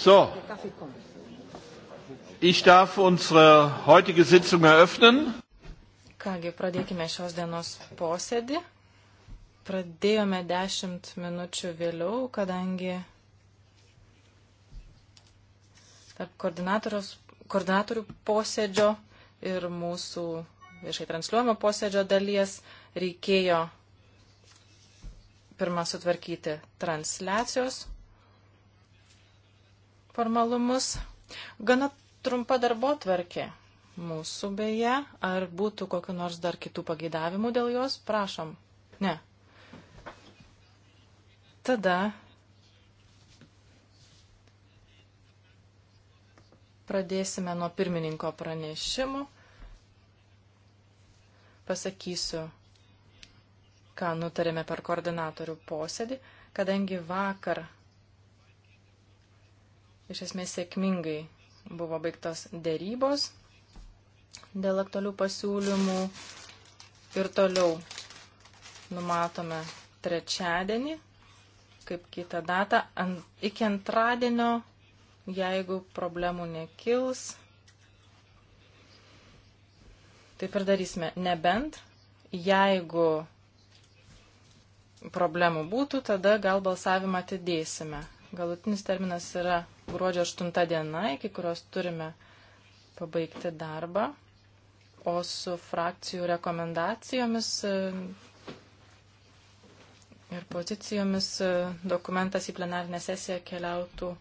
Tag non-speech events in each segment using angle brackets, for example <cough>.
So, ich darf unsere heutige Sitzung eröffnen. Kągi, pradėkime šios dienos posėdį. Pradėjome dešimt minučių vėliau, kadangi tarp koordinatorių posėdžio ir mūsų viešai transliuojamo posėdžio dalies reikėjo pirmą sutvarkyti transliacijos formalumus. Gana trumpa darbo tvarkė mūsų beje. Ar būtų kokiu nors dar kitų pageidavimų dėl jos? Prašom. Ne. Tada pradėsime nuo pirmininko pranešimų. Pasakysiu, ką nutarėme per koordinatorių posėdį, kadangi vakar iš esmės sėkmingai buvo baigtos dėrybos dėl aktualių pasiūlymų ir toliau numatome trečiadienį, kaip kitą datą, ant, iki antradienio, jeigu problemų nekils. Taip ir darysime, nebent jeigu problemų būtų, tada gal balsavimą atidėsime galutinis terminas yra gruodžio 8 diena, iki kurios turime pabaigti darbą, o su frakcijų rekomendacijomis e, ir pozicijomis e, dokumentas į plenarinę sesiją keliautų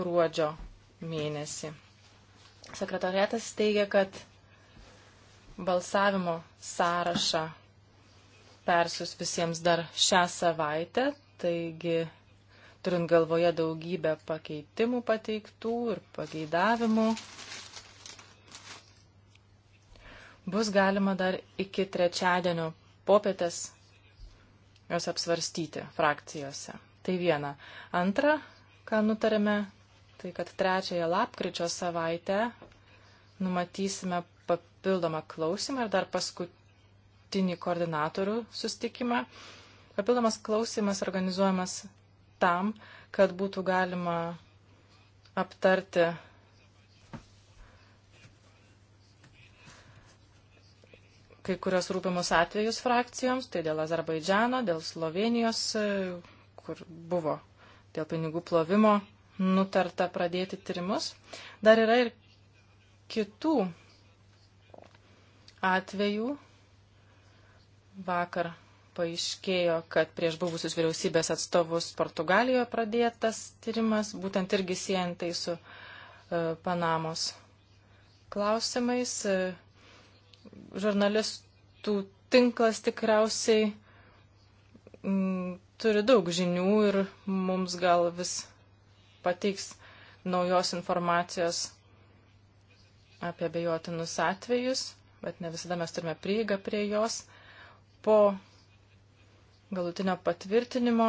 gruodžio mėnesį. Sekretariatas teigia, kad balsavimo sąrašą persius visiems dar šią savaitę, taigi turint galvoje daugybę pakeitimų pateiktų ir pageidavimų, bus galima dar iki trečiadienio popietės jos apsvarstyti frakcijose. Tai viena. Antra, ką nutarėme, tai kad trečiąją lapkričio savaitę numatysime papildomą klausimą ir dar paskutinį koordinatorių sustikimą. Papildomas klausimas organizuojamas tam, kad būtų galima aptarti kai kurios rūpimus atvejus frakcijoms, tai dėl Azerbaidžiano, dėl Slovenijos, e, kur buvo dėl pinigų plovimo nutarta pradėti tyrimus. Dar yra ir kitų atvejų. Vakar paaiškėjo, kad prieš buvusius vyriausybės atstovus Portugalijoje pradėtas tyrimas, būtent irgi siejant tai su uh, Panamos klausimais. Uh, žurnalistų tinklas tikriausiai mm, turi daug žinių ir mums gal vis pateiks naujos informacijos apie bejotinus atvejus, bet ne visada mes turime prieigą prie jos. Po galutinio patvirtinimo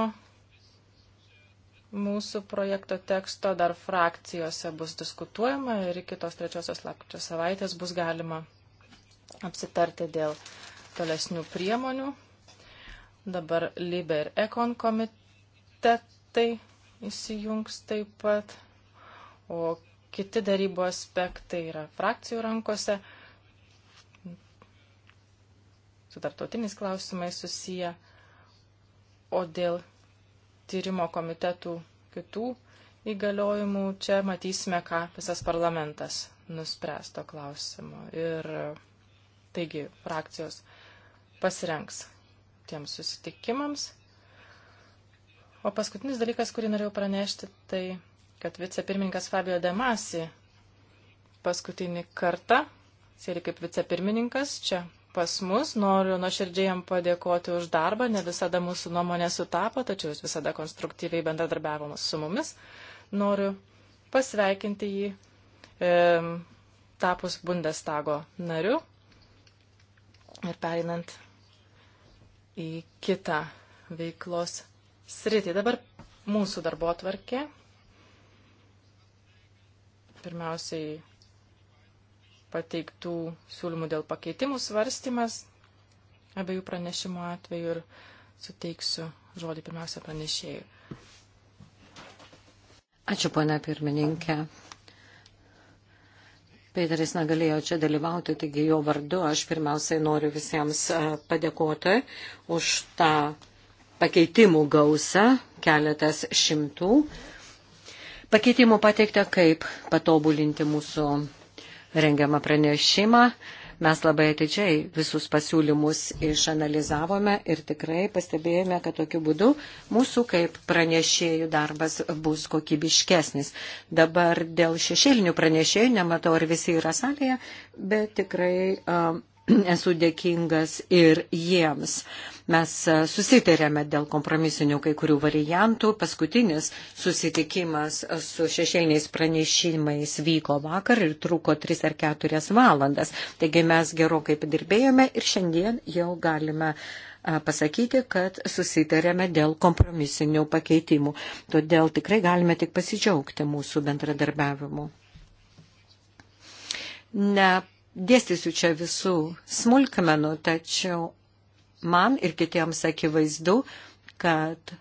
mūsų projekto teksto dar frakcijose bus diskutuojama ir iki tos trečiosios lapkričio savaitės bus galima apsitarti dėl tolesnių priemonių. Dabar Libe ir Ekon komitetai įsijungs taip pat, o kiti darybų aspektai yra frakcijų rankose su tarptautiniais klausimais susiję. O dėl tyrimo komitetų kitų įgaliojimų čia matysime, ką visas parlamentas nuspręsto klausimo. Ir taigi frakcijos pasirenks tiems susitikimams. O paskutinis dalykas, kurį norėjau pranešti, tai kad vicepirmininkas Fabio Demasi paskutinį kartą sėdi kaip vicepirmininkas čia pas mus. Noriu nuoširdžiai jam padėkoti už darbą. Ne visada mūsų nuomonė sutapo, tačiau jis visada konstruktyviai bendradarbiavo su mumis. Noriu pasveikinti jį e, tapus Bundestago nariu ir pereinant į kitą veiklos sritį. Dabar mūsų darbo atvarkė. Pirmiausiai pateiktų siūlymų dėl pakeitimų svarstymas abiejų pranešimo atveju ir suteiksiu žodį pirmiausia pranešėjui. Ačiū, ponia pirmininkė. Peteris negalėjo čia dalyvauti, taigi jo vardu aš pirmiausiai noriu visiems e, padėkoti už tą pakeitimų gausą, keletas šimtų. Pakeitimų pateikta, kaip patobulinti mūsų rengiamą pranešimą. Mes labai atidžiai visus pasiūlymus išanalizavome ir tikrai pastebėjome, kad tokiu būdu mūsų kaip pranešėjų darbas bus kokybiškesnis. Dabar dėl šešėlinių pranešėjų, nematau ar visi yra salėje, bet tikrai uh, <clears throat> esu dėkingas ir jiems. Mes e, susitarėme dėl kompromisinių kai kurių variantų. Paskutinis susitikimas su šešėliniais pranešimais vyko vakar ir truko 3 ar 4 valandas. Taigi mes gerokai padirbėjome ir šiandien jau galime e, pasakyti, kad susitarėme dėl kompromisinių pakeitimų. Todėl tikrai galime tik pasidžiaugti mūsų bendradarbiavimu. Ne dėstysiu čia visų smulkmenų, tačiau man ir kitiems akivaizdu, kad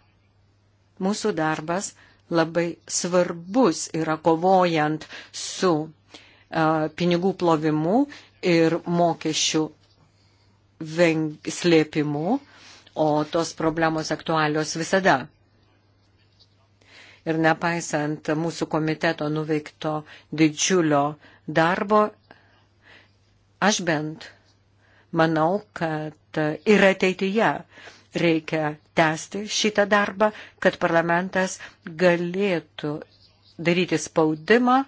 mūsų darbas labai svarbus yra kovojant su uh, pinigų plovimu ir mokesčių slėpimu, o tos problemos aktualios visada. Ir nepaisant mūsų komiteto nuveikto didžiulio darbo, Aš bent manau, kad ir ateityje reikia tęsti šitą darbą, kad parlamentas galėtų daryti spaudimą,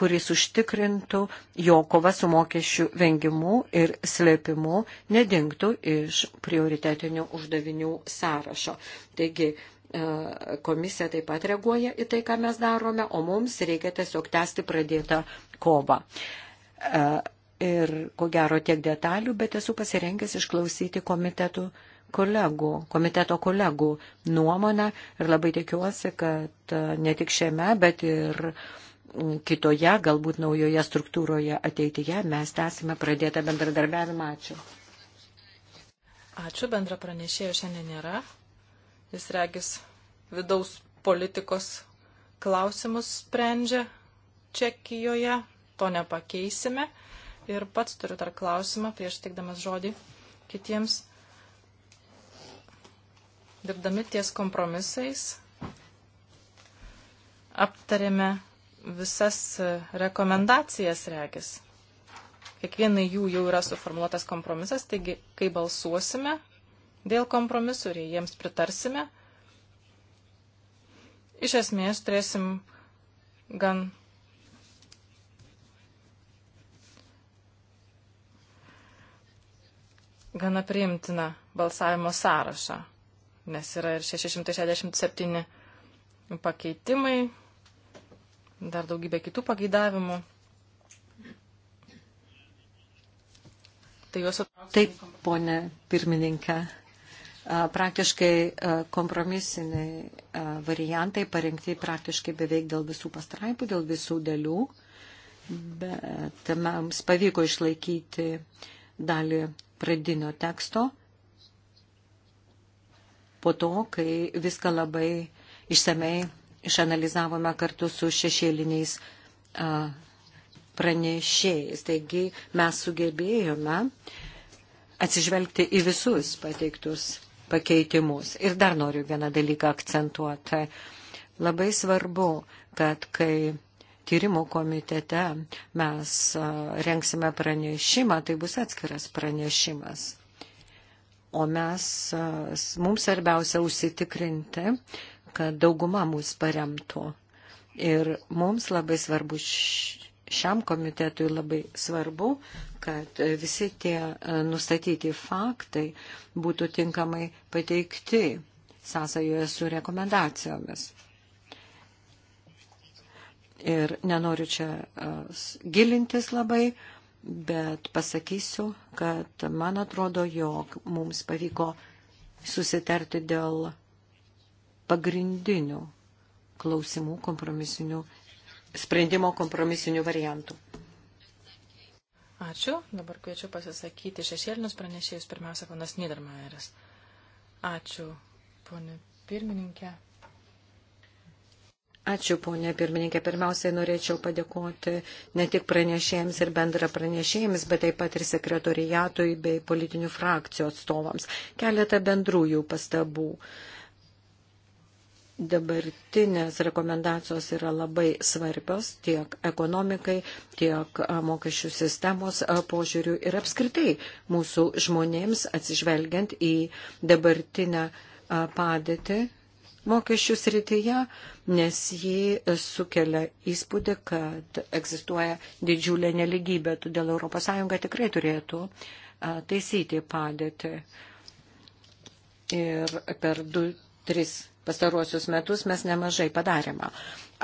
kuris užtikrintų, jo kova su mokesčių vengimu ir slėpimu nedingtų iš prioritetinių uždavinių sąrašo. Taigi, E, komisija taip pat reaguoja į tai, ką mes darome, o mums reikia tiesiog tęsti pradėtą kovą. E, ir ko gero tiek detalių, bet esu pasirengęs išklausyti komitetų kolegų, komiteto kolegų nuomonę ir labai tikiuosi, kad e, ne tik šiame, bet ir kitoje, galbūt naujoje struktūroje ateityje mes tęsime pradėtą bendradarbiavimą. Ačiū. Ačiū, bendra pranešėjo šiandien nėra jis regis vidaus politikos klausimus sprendžia Čekijoje, to nepakeisime. Ir pats turiu dar klausimą, prieš teikdamas žodį kitiems. Dirbdami ties kompromisais, aptarėme visas rekomendacijas regis. Kiekvienai jų jau yra suformuoluotas kompromisas, taigi kai balsuosime, dėl kompromisų ir jei jiems pritarsime, iš esmės turėsim gan gana priimtiną balsavimo sąrašą, nes yra ir 667 pakeitimai, dar daugybė kitų pageidavimų. Tai juos... Taip, ponė pirmininkė, praktiškai kompromisiniai variantai parengti praktiškai beveik dėl visų pastraipų, dėl visų dalių, bet mums pavyko išlaikyti dalį pradinio teksto po to, kai viską labai išsamei išanalizavome kartu su šešėliniais pranešėjais. Taigi mes sugebėjome atsižvelgti į visus pateiktus pakeitimus. Ir dar noriu vieną dalyką akcentuoti. Labai svarbu, kad kai tyrimų komitete mes renksime pranešimą, tai bus atskiras pranešimas. O mes, mums svarbiausia užsitikrinti, kad dauguma mūsų paremtų. Ir mums labai svarbu š šiam komitetui labai svarbu, kad e, visi tie e, nustatyti faktai būtų tinkamai pateikti sąsajoje su rekomendacijomis. Ir nenoriu čia e, gilintis labai, bet pasakysiu, kad man atrodo, jog mums pavyko susitarti dėl pagrindinių klausimų kompromisinių sprendimo kompromisinių variantų. Ačiū. Dabar kviečiu pasisakyti šešėlinius pranešėjus, pirmiausia, panas Niedermayeris. Ačiū, ponė pirmininkė. Ačiū, ponė pirmininkė. Pirmiausiai norėčiau padėkoti ne tik pranešėjams ir bendra pranešėjams, bet taip pat ir sekretoriatui bei politinių frakcijų atstovams. Keletą bendrųjų pastabų. Uh, dabartinės rekomendacijos yra labai svarbios tiek ekonomikai, tiek mokesčių sistemos požiūrių ir apskritai mūsų žmonėms atsižvelgiant į dabartinę padėtį mokesčių srityje, nes jį sukelia įspūdį, kad egzistuoja didžiulė neligybė, todėl ES tikrai turėtų taisyti padėtį. Ir per du tris pastaruosius metus mes nemažai padarėme.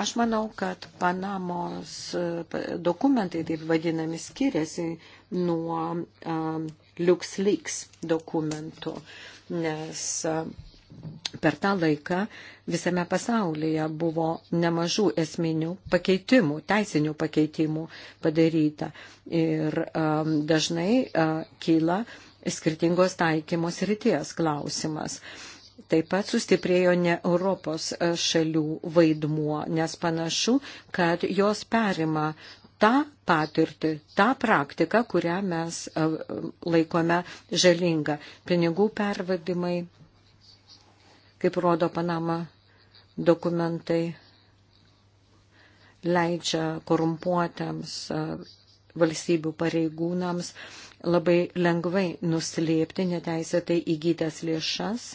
Aš manau, kad Panamos e, dokumentai, taip vadinami, skiriasi nuo um, LuxLeaks dokumentų, nes um, per tą laiką visame pasaulyje buvo nemažų esminių pakeitimų, teisinių pakeitimų padaryta. Ir um, dažnai uh, kyla skirtingos taikymos ryties klausimas. Uh, Taip pat sustiprėjo ne Europos e, šalių vaidmuo, nes panašu, kad jos perima tą patirtį, tą praktiką, kurią mes e, laikome žalinga. Pinigų pervadimai, kaip rodo Panama dokumentai, leidžia korumpuotams e, valstybių pareigūnams labai lengvai nuslėpti neteisėtai įgytas lėšas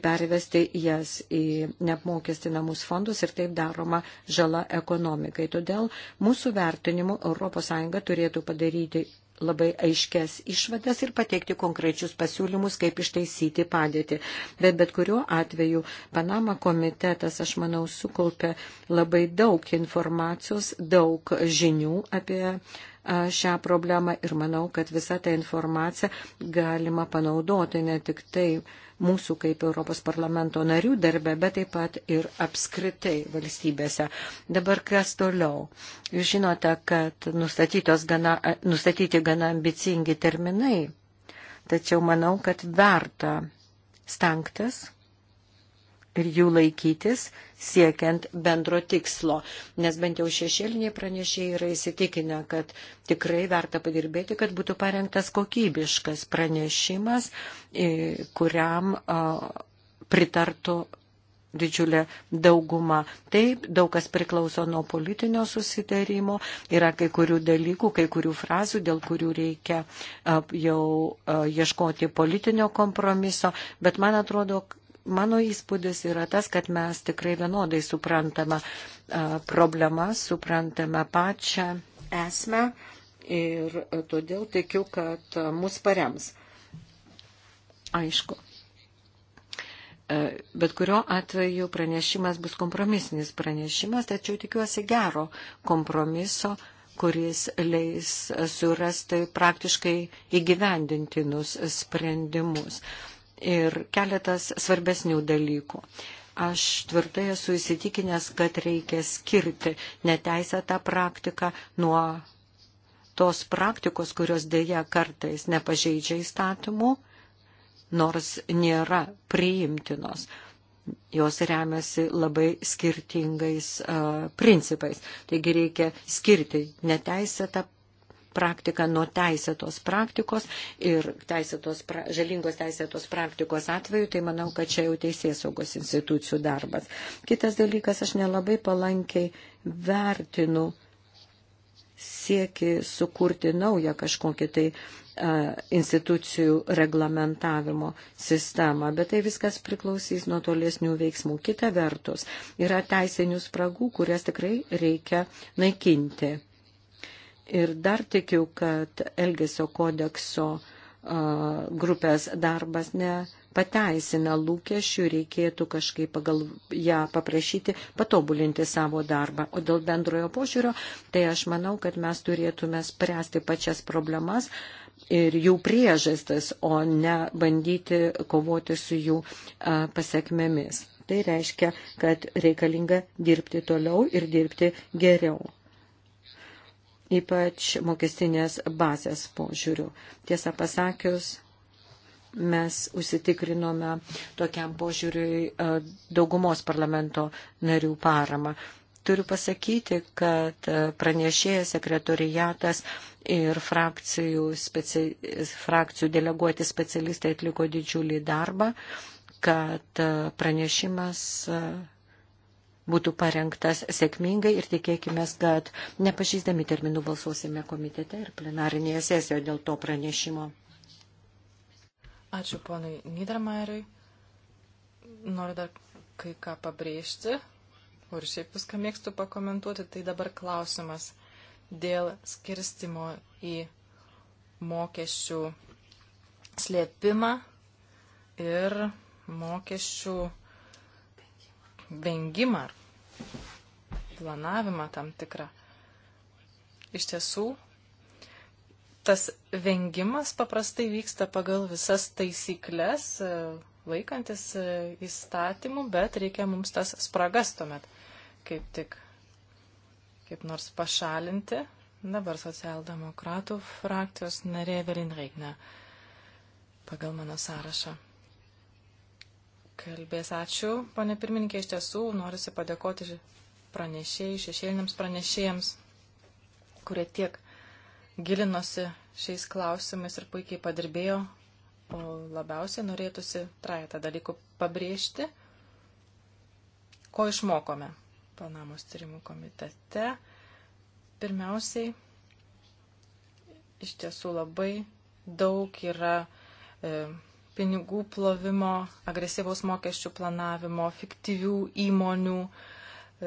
pervesti jas į neapmokestinamus fondus ir taip daroma žala ekonomikai. Todėl mūsų vertinimu ES turėtų padaryti labai aiškes išvadas ir pateikti konkrečius pasiūlymus, kaip ištaisyti padėtį. Bet bet kuriuo atveju Panama komitetas, aš manau, sukaupė labai daug informacijos, daug žinių apie šią problemą ir manau, kad visą tą informaciją galima panaudoti ne tik tai mūsų kaip Europos parlamento narių darbe, bet taip pat ir apskritai valstybėse. Dabar kas toliau? Jūs žinote, kad gana, nustatyti gana ambicingi terminai, tačiau manau, kad verta stengtis ir jų laikytis, siekiant bendro tikslo. Nes bent jau šešėliniai pranešėjai yra įsitikinę, kad tikrai verta padirbėti, kad būtų parengtas kokybiškas pranešimas, e, kuriam pritartų didžiulė dauguma. Taip, daug kas priklauso nuo politinio susitarimo, yra kai kurių dalykų, kai kurių frazių, dėl kurių reikia jau ieškoti politinio kompromiso, bet man atrodo, mano įspūdis yra tas, kad mes tikrai vienodai suprantame problemas, suprantame pačią esmę ir todėl tikiu, kad mus parems. Aišku. Bet kurio atveju pranešimas bus kompromisinis pranešimas, tačiau tikiuosi gero kompromiso, kuris leis surasti praktiškai įgyvendintinus sprendimus ir keletas svarbesnių dalykų. Aš tvirtai esu įsitikinęs, kad reikia skirti neteisėtą praktiką nuo tos praktikos, kurios dėja kartais nepažeidžia įstatymų, nors nėra priimtinos jos remiasi labai skirtingais uh, principais. Taigi reikia skirti neteisėtą praktiką nuo teisėtos praktikos ir teisėtos, pra, žalingos teisėtos praktikos atveju, tai manau, kad čia jau teisės saugos institucijų darbas. Kitas dalykas, aš nelabai palankiai vertinu sieki sukurti naują kažkokį tai institucijų reglamentavimo sistemą, bet tai viskas priklausys nuo tolesnių veiksmų. Kita vertus, yra teisinių spragų, kurias tikrai reikia naikinti. Ir dar tikiu, kad Elgesio kodekso uh, grupės darbas ne pateisina lūkesčių, reikėtų kažkaip pagal ją paprašyti patobulinti savo darbą. O dėl bendrojo požiūrio, tai aš manau, kad mes turėtume spręsti pačias problemas ir jų priežastis, o ne bandyti kovoti su jų a, pasiekmėmis. Tai reiškia, kad reikalinga dirbti toliau ir dirbti geriau ypač mokestinės bazės požiūrių. Tiesą pasakius, mes užsitikrinome tokiam požiūriui e, daugumos parlamento narių paramą. Turiu pasakyti, kad e, pranešėjas sekretorijatas ir frakcijų, speci... frakcijų deleguoti specialistai atliko didžiulį darbą, kad e, pranešimas būtų parengtas sėkmingai ir tikėkime, kad nepažįstami terminų balsuosime komitete ir plenarinėje sesijoje dėl to pranešimo. Ačiū ponui Niedermayeriui. Noriu dar kai ką pabrėžti, kur šiaip viską mėgstu pakomentuoti, tai dabar klausimas dėl skirstimo į mokesčių slėpimą ir mokesčių vengimą ar planavimą tam tikrą. Iš tiesų, tas vengimas paprastai vyksta pagal visas taisyklės, e, laikantis e, įstatymų, bet reikia mums tas spragas tuomet kaip tik kaip nors pašalinti. Dabar socialdemokratų frakcijos narė Velin Reikne pagal mano sąrašą kalbės. Ačiū, ponė pirmininkė, iš tiesų noriu padėkoti pranešėjai, šešėliniams pranešėjams, kurie tiek gilinosi šiais klausimais ir puikiai padirbėjo, o labiausiai norėtųsi trajatą dalykų pabrėžti, ko išmokome Panamos tyrimų komitete. Pirmiausiai, iš tiesų labai daug yra e, pinigų plovimo, agresyvaus mokesčių planavimo, fiktyvių įmonių.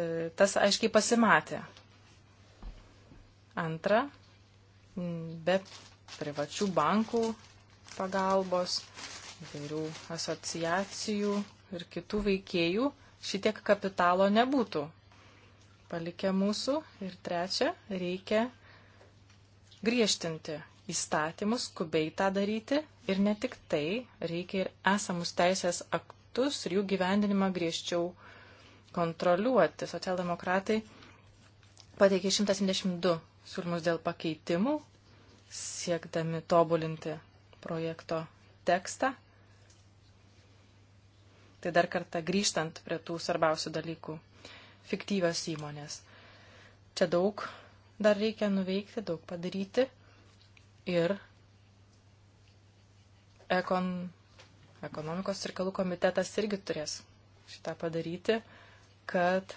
E, tas aiškiai pasimatė. Antra, be privačių bankų pagalbos, įvairių asociacijų ir kitų veikėjų šitiek kapitalo nebūtų palikę mūsų. Ir trečia, reikia griežtinti įstatymus, skubiai tą daryti ir ne tik tai, reikia ir esamus teisės aktus ir jų gyvendinimą griežčiau kontroliuoti. Socialdemokratai pateikė 172 siūlymus dėl pakeitimų, siekdami tobulinti projekto tekstą. Tai dar kartą grįžtant prie tų svarbiausių dalykų. Fiktyvios įmonės. Čia daug dar reikia nuveikti, daug padaryti ir ekon, ekonomikos reikalų komitetas irgi turės šitą padaryti, kad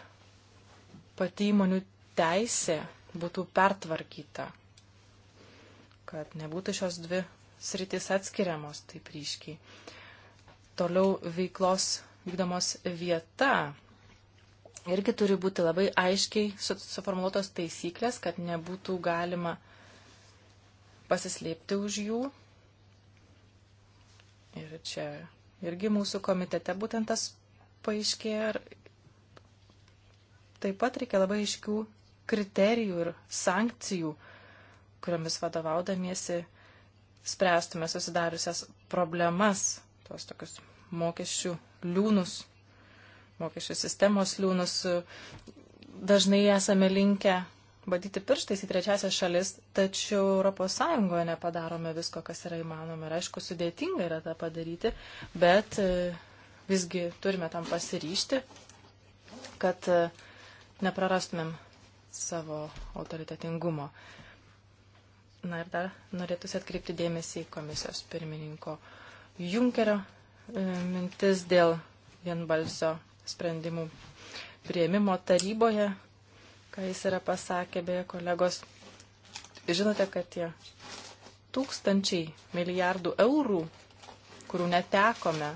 pati įmonių teisė būtų pertvarkyta, kad nebūtų šios dvi sritis atskiriamos taip ryškiai. Toliau veiklos vykdomos vieta. Irgi turi būti labai aiškiai suformuoluotos taisyklės, kad nebūtų galima pasislėpti už jų. Ir čia irgi mūsų komitete būtent tas paaiškėjo. Taip pat reikia labai aiškių kriterijų ir sankcijų, kuriomis vadovaudamiesi spręstume susidariusias problemas, tuos tokius mokesčių liūnus, mokesčių sistemos liūnus. Dažnai esame linkę badyti pirštais į trečiasias šalis, tačiau ES nepadarome visko, kas yra įmanoma. Ir aišku, sudėtinga yra tą padaryti, bet e, visgi turime tam pasiryšti, kad e, neprarastumėm savo autoritetingumo. Na ir dar norėtųsi atkreipti dėmesį į komisijos pirmininko Junkerio e, mintis dėl vienbalsio sprendimų prieimimo taryboje ką jis yra pasakę, beje, kolegos. Žinote, kad tie tūkstančiai milijardų eurų, kurių netekome,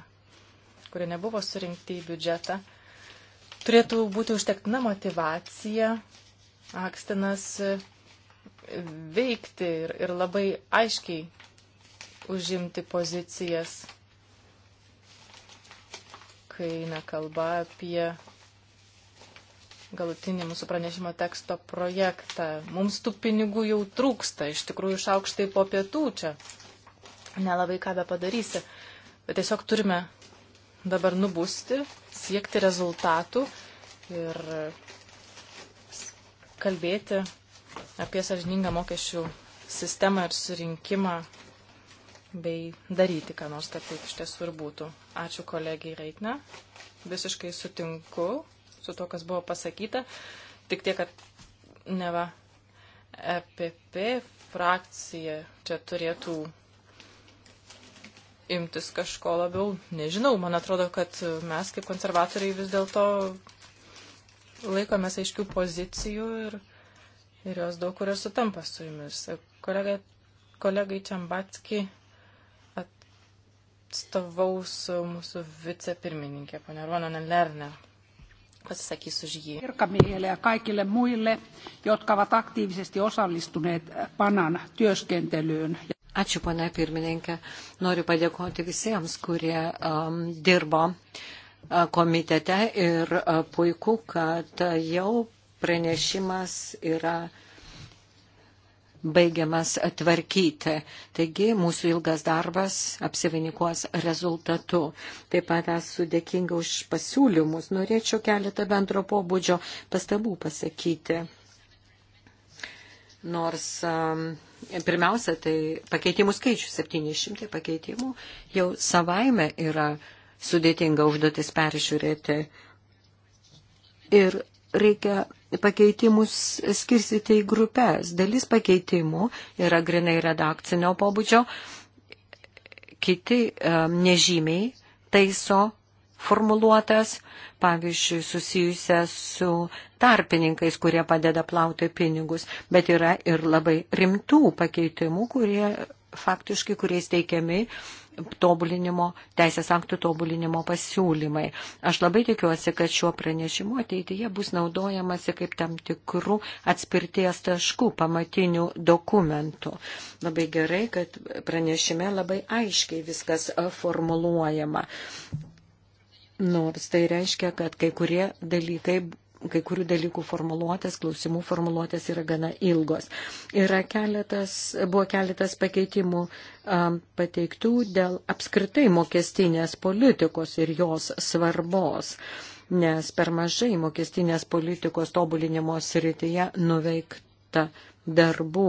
kurie nebuvo surinkti į biudžetą, turėtų būti užtektina motivacija Akstinas e, veikti ir, ir labai aiškiai užimti pozicijas, kai nekalba apie galutinį mūsų pranešimo teksto projektą. Mums tų pinigų jau trūksta, iš tikrųjų šaukštai po pietų čia. Nelabai ką be padarysi. Bet tiesiog turime dabar nubusti, siekti rezultatų ir kalbėti apie sažiningą mokesčių sistemą ir surinkimą bei daryti, ką nors, kad taip iš tiesų ir būtų. Ačiū kolegijai Reitne. Visiškai sutinku su to, kas buvo pasakyta. Tik tiek, kad neva EPP frakcija čia turėtų imtis kažko labiau. Nežinau, man atrodo, kad mes kaip konservatoriai vis dėlto laikomės aiškių pozicijų ir, ir jos daug kur ir sutampa su jumis. Kolega, kolegai Čambatski atstovaus mūsų vicepirmininkė, ponia Ronana Lerner pasisakys už jį. Virkamiehille ja kaikille muille, jotka ovat aktiivisesti osallistuneet panan työskentelyyn. Ačiū, pane pirmininkė. Noriu padėkoti visiems, kurie um, dirbo uh, komitete ir uh, puiku, kad jau pranešimas yra uh, baigiamas tvarkyti. Taigi mūsų ilgas darbas apsivainikuos rezultatu. Taip pat esu dėkinga už pasiūlymus. Norėčiau keletą bendro pobūdžio pastabų pasakyti. Nors um, pirmiausia, tai pakeitimų skaičius 700 pakeitimų jau savaime yra sudėtinga užduotis peržiūrėti. Ir reikia pakeitimus skirstyti į grupės. Dalis pakeitimų yra grinai redakcinio pobūdžio, kiti nežymiai taiso formuluotas, pavyzdžiui, susijusias su tarpininkais, kurie padeda plauti pinigus, bet yra ir labai rimtų pakeitimų, kurie faktiškai, kuriais teikiami uh, tobulinimo, teisės aktų tobulinimo pasiūlymai. Aš labai tikiuosi, kad šiuo pranešimu ateityje bus naudojamasi kaip tam tikrų atspirties taškų pamatinių dokumentų. Labai gerai, kad pranešime labai aiškiai viskas formuluojama. Nors tai reiškia, kad kai kurie dalykai kai kurių dalykų formuluotės, klausimų formuluotės yra gana ilgos. Yra keletas, buvo keletas pakeitimų um, pateiktų dėl apskritai mokestinės politikos ir jos svarbos nes per mažai mokestinės politikos tobulinimo srityje nuveikta darbų.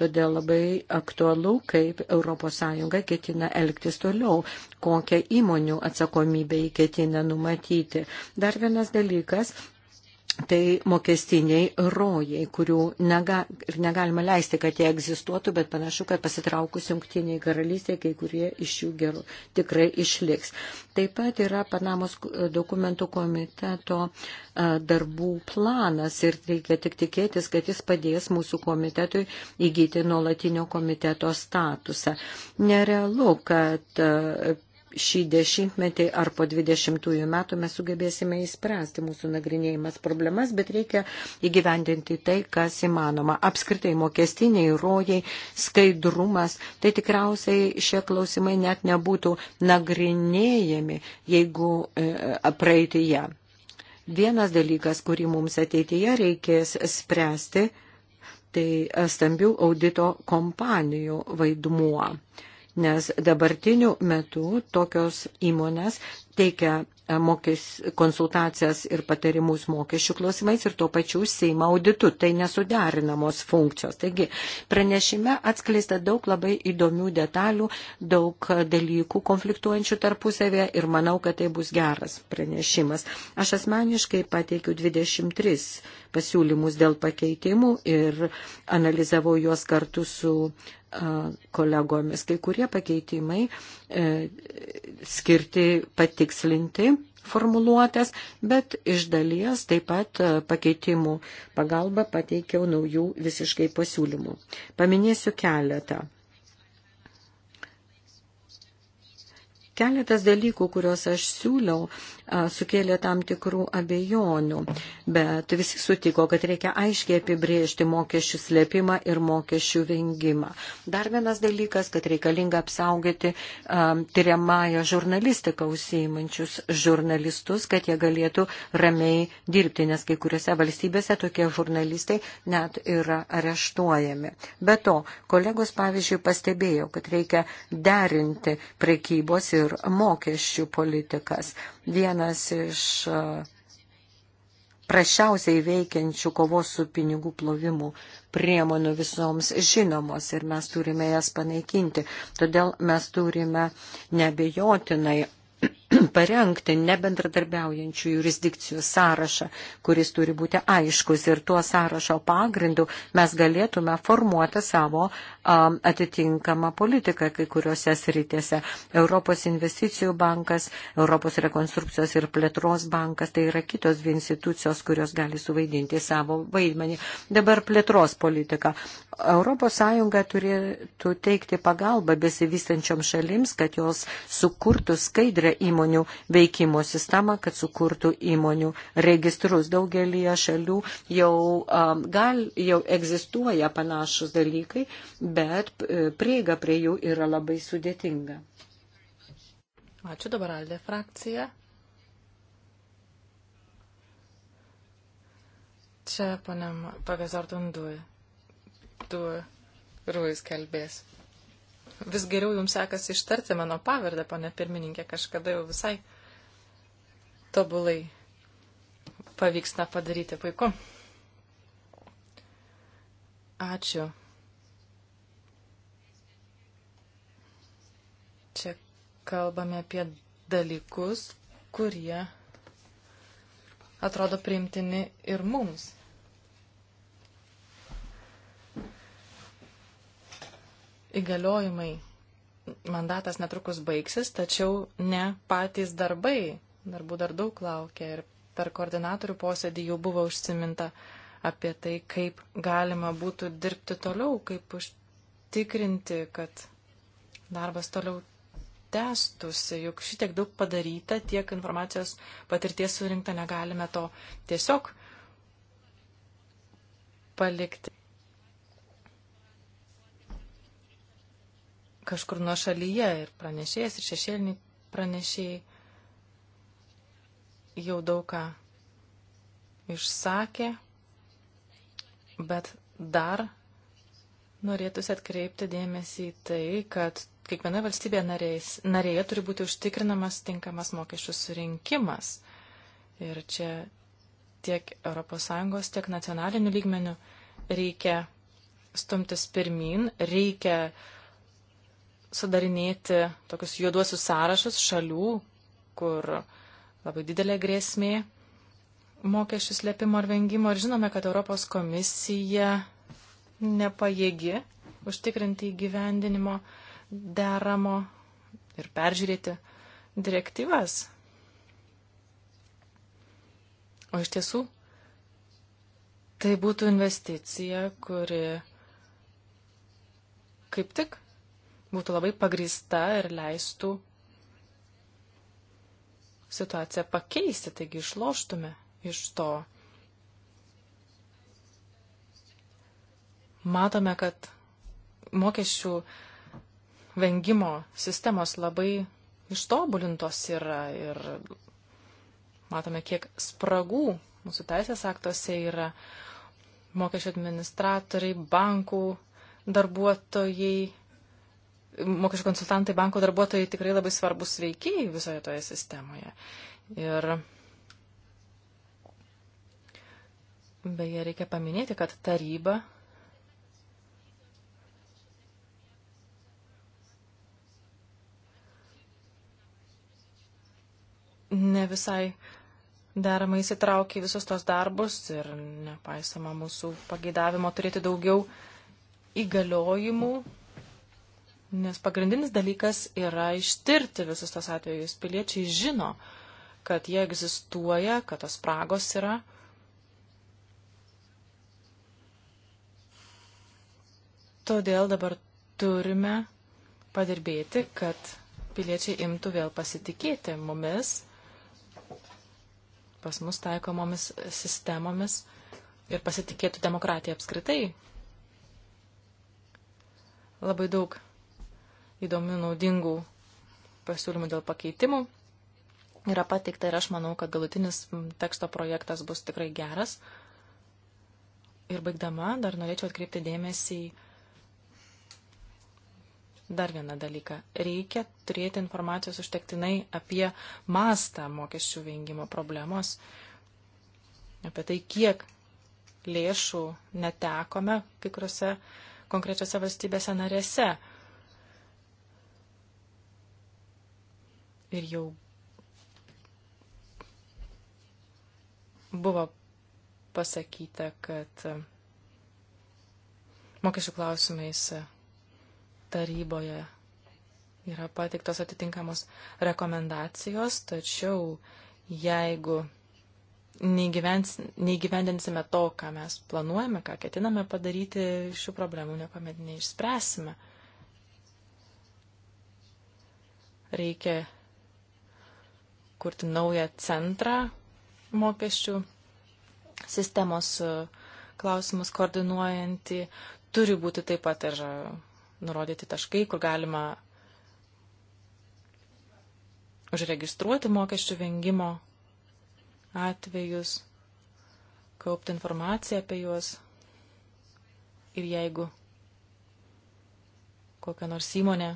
Todėl labai aktualu, kaip ES ketina elgtis toliau, kokią įmonių atsakomybę jį ketina numatyti. Dar vienas dalykas tai mokestiniai rojai, kurių nega, ir negalima leisti, kad jie egzistuotų, bet panašu, kad pasitraukus jungtiniai karalystė, kai kurie iš jų gerų tikrai išliks. Taip pat yra Panamos dokumentų komiteto darbų planas ir reikia tik tikėtis, kad jis padės mūsų komitetui įgyti nuolatinio komiteto statusą. Nerealu, kad šį dešimtmetį ar po 20 metų mes sugebėsime įspręsti mūsų nagrinėjimas problemas, bet reikia įgyvendinti tai, kas įmanoma. Apskritai mokestiniai, rojai, skaidrumas, tai tikriausiai šie klausimai net nebūtų nagrinėjami, jeigu e, praeitėje. Vienas dalykas, kurį mums ateityje reikės spręsti, tai stambių audito kompanijų vaidmuo nes dabartiniu metu tokios įmonės teikia e, mokės, konsultacijas ir patarimus mokesčių klausimais ir tuo pačiu užseima auditu. Tai nesuderinamos funkcijos. Taigi, pranešime atskleista daug labai įdomių detalių, daug dalykų konfliktuojančių tarpusavėje ir manau, kad tai bus geras pranešimas. Aš asmeniškai pateikiu 23 pasiūlymus dėl pakeitimų ir analizavau juos kartu su e, kolegomis. Kai kurie pakeitimai e, skirti pati patikslinti formuluotės, bet iš dalies taip pat e, pakeitimų pagalba pateikiau naujų visiškai pasiūlymų. Paminėsiu keletą. Keletas dalykų, kuriuos aš siūliau, sukėlė tam tikrų abejonių, bet visi sutiko, kad reikia aiškiai apibriežti mokesčių slėpimą ir mokesčių vengimą. Dar vienas dalykas, kad reikalinga apsaugoti um, tyriamąją žurnalistiką užsiimančius žurnalistus, kad jie galėtų ramiai dirbti, nes kai kuriuose valstybėse tokie žurnalistai net yra areštuojami. Be to, kolegos pavyzdžiui pastebėjo, kad reikia derinti prekybos ir mokesčių politikas. Vien vienas iš e, prašiausiai veikiančių kovos su pinigų plovimu priemonių visoms žinomos ir mes turime jas panaikinti. Todėl mes turime nebejotinai <clears throat> parengti nebendradarbiaujančių jurisdikcijų sąrašą, kuris turi būti aiškus ir tuo sąrašo pagrindu mes galėtume formuoti savo um, atitinkamą politiką kai kuriuose sritėse. Europos investicijų bankas, Europos rekonstrukcijos ir plėtros bankas, tai yra kitos dvi institucijos, kurios gali suvaidinti savo vaidmenį. Dabar plėtros politika. Europos Sąjunga turėtų teikti pagalbą besivystančiom šalims, kad jos sukurtų skaidrę įmonę įmonių veikimo sistemą, kad sukurtų įmonių registrus. Daugelį šalių jau, um, gal, jau egzistuoja panašus dalykai, bet e, prieiga prie jų yra labai sudėtinga. Ačiū dabar Aldė frakcija. Čia, panam, pagazartun du, du, ruis kalbės vis geriau jums sekasi ištarti mano pavardę, ponė pirmininkė, kažkada jau visai tobulai pavyks tą padaryti. Puiku. Ačiū. Čia kalbame apie dalykus, kurie atrodo priimtini ir mums. įgaliojimai, mandatas netrukus baigsis, tačiau ne patys darbai. Darbų dar daug laukia ir per koordinatorių posėdį jau buvo užsiminta apie tai, kaip galima būtų dirbti toliau, kaip užtikrinti, kad darbas toliau testusi, juk šitiek daug padaryta, tiek informacijos patirties surinkta, negalime to tiesiog palikti. kažkur nuo šalyje ir pranešėjas, ir šešėliniai pranešėjai jau daug ką išsakė, bet dar norėtųsi atkreipti dėmesį į tai, kad kiekviena valstybė narės, narėje turi būti užtikrinamas tinkamas mokesčių surinkimas. Ir čia tiek ES, tiek nacionaliniu lygmeniu reikia stumtis pirmin, reikia uh, sudarinėti tokius juoduosius sąrašus šalių, kur labai didelė grėsmė mokesčių slėpimo ar vengimo. Ir žinome, kad Europos komisija nepajėgi užtikrinti įgyvendinimo deramo ir peržiūrėti direktyvas. O iš tiesų, tai būtų investicija, kuri kaip tik būtų labai pagrįsta ir leistų situaciją pakeisti, taigi išloštume iš to. Matome, kad mokesčių vengimo sistemos labai ištobulintos yra ir matome, kiek spragų mūsų teisės aktuose yra mokesčių administratoriai, bankų darbuotojai, mokesčių konsultantai, banko darbuotojai tikrai labai svarbus veikiai visoje toje sistemoje. Ir beje, reikia paminėti, kad taryba ne visai deramai įsitraukia visus tos darbus ir nepaisama mūsų pageidavimo turėti daugiau įgaliojimų. Mm Nes pagrindinis dalykas yra ištirti visus tos atvejus. Piliečiai žino, kad jie egzistuoja, kad tos spragos yra. Todėl dabar turime padirbėti, kad piliečiai imtų vėl pasitikėti mumis, pas mus taikomomis sistemomis ir pasitikėtų demokratija apskritai. Labai daug įdomių, naudingų pasiūlymų dėl pakeitimų yra pateikta ir aš manau, kad galutinis teksto projektas bus tikrai geras. Ir baigdama dar norėčiau atkreipti dėmesį į dar vieną dalyką. Reikia turėti informacijos užtektinai apie mastą mokesčių vengimo problemos, apie tai, kiek lėšų netekome kai kuriuose konkrečiose valstybėse narėse. ir jau buvo pasakyta, kad mokesčių klausimais taryboje yra pateiktos atitinkamos rekomendacijos, tačiau jeigu neįgyvendinsime to, ką mes planuojame, ką ketiname padaryti, šių problemų niekuomet neišspręsime. Reikia kurti naują centrą mokesčių sistemos e, klausimus koordinuojantį. Turi būti taip pat ir e, nurodyti taškai, kur galima užregistruoti mokesčių vengimo atvejus, kaupti informaciją apie juos ir jeigu kokia nors įmonė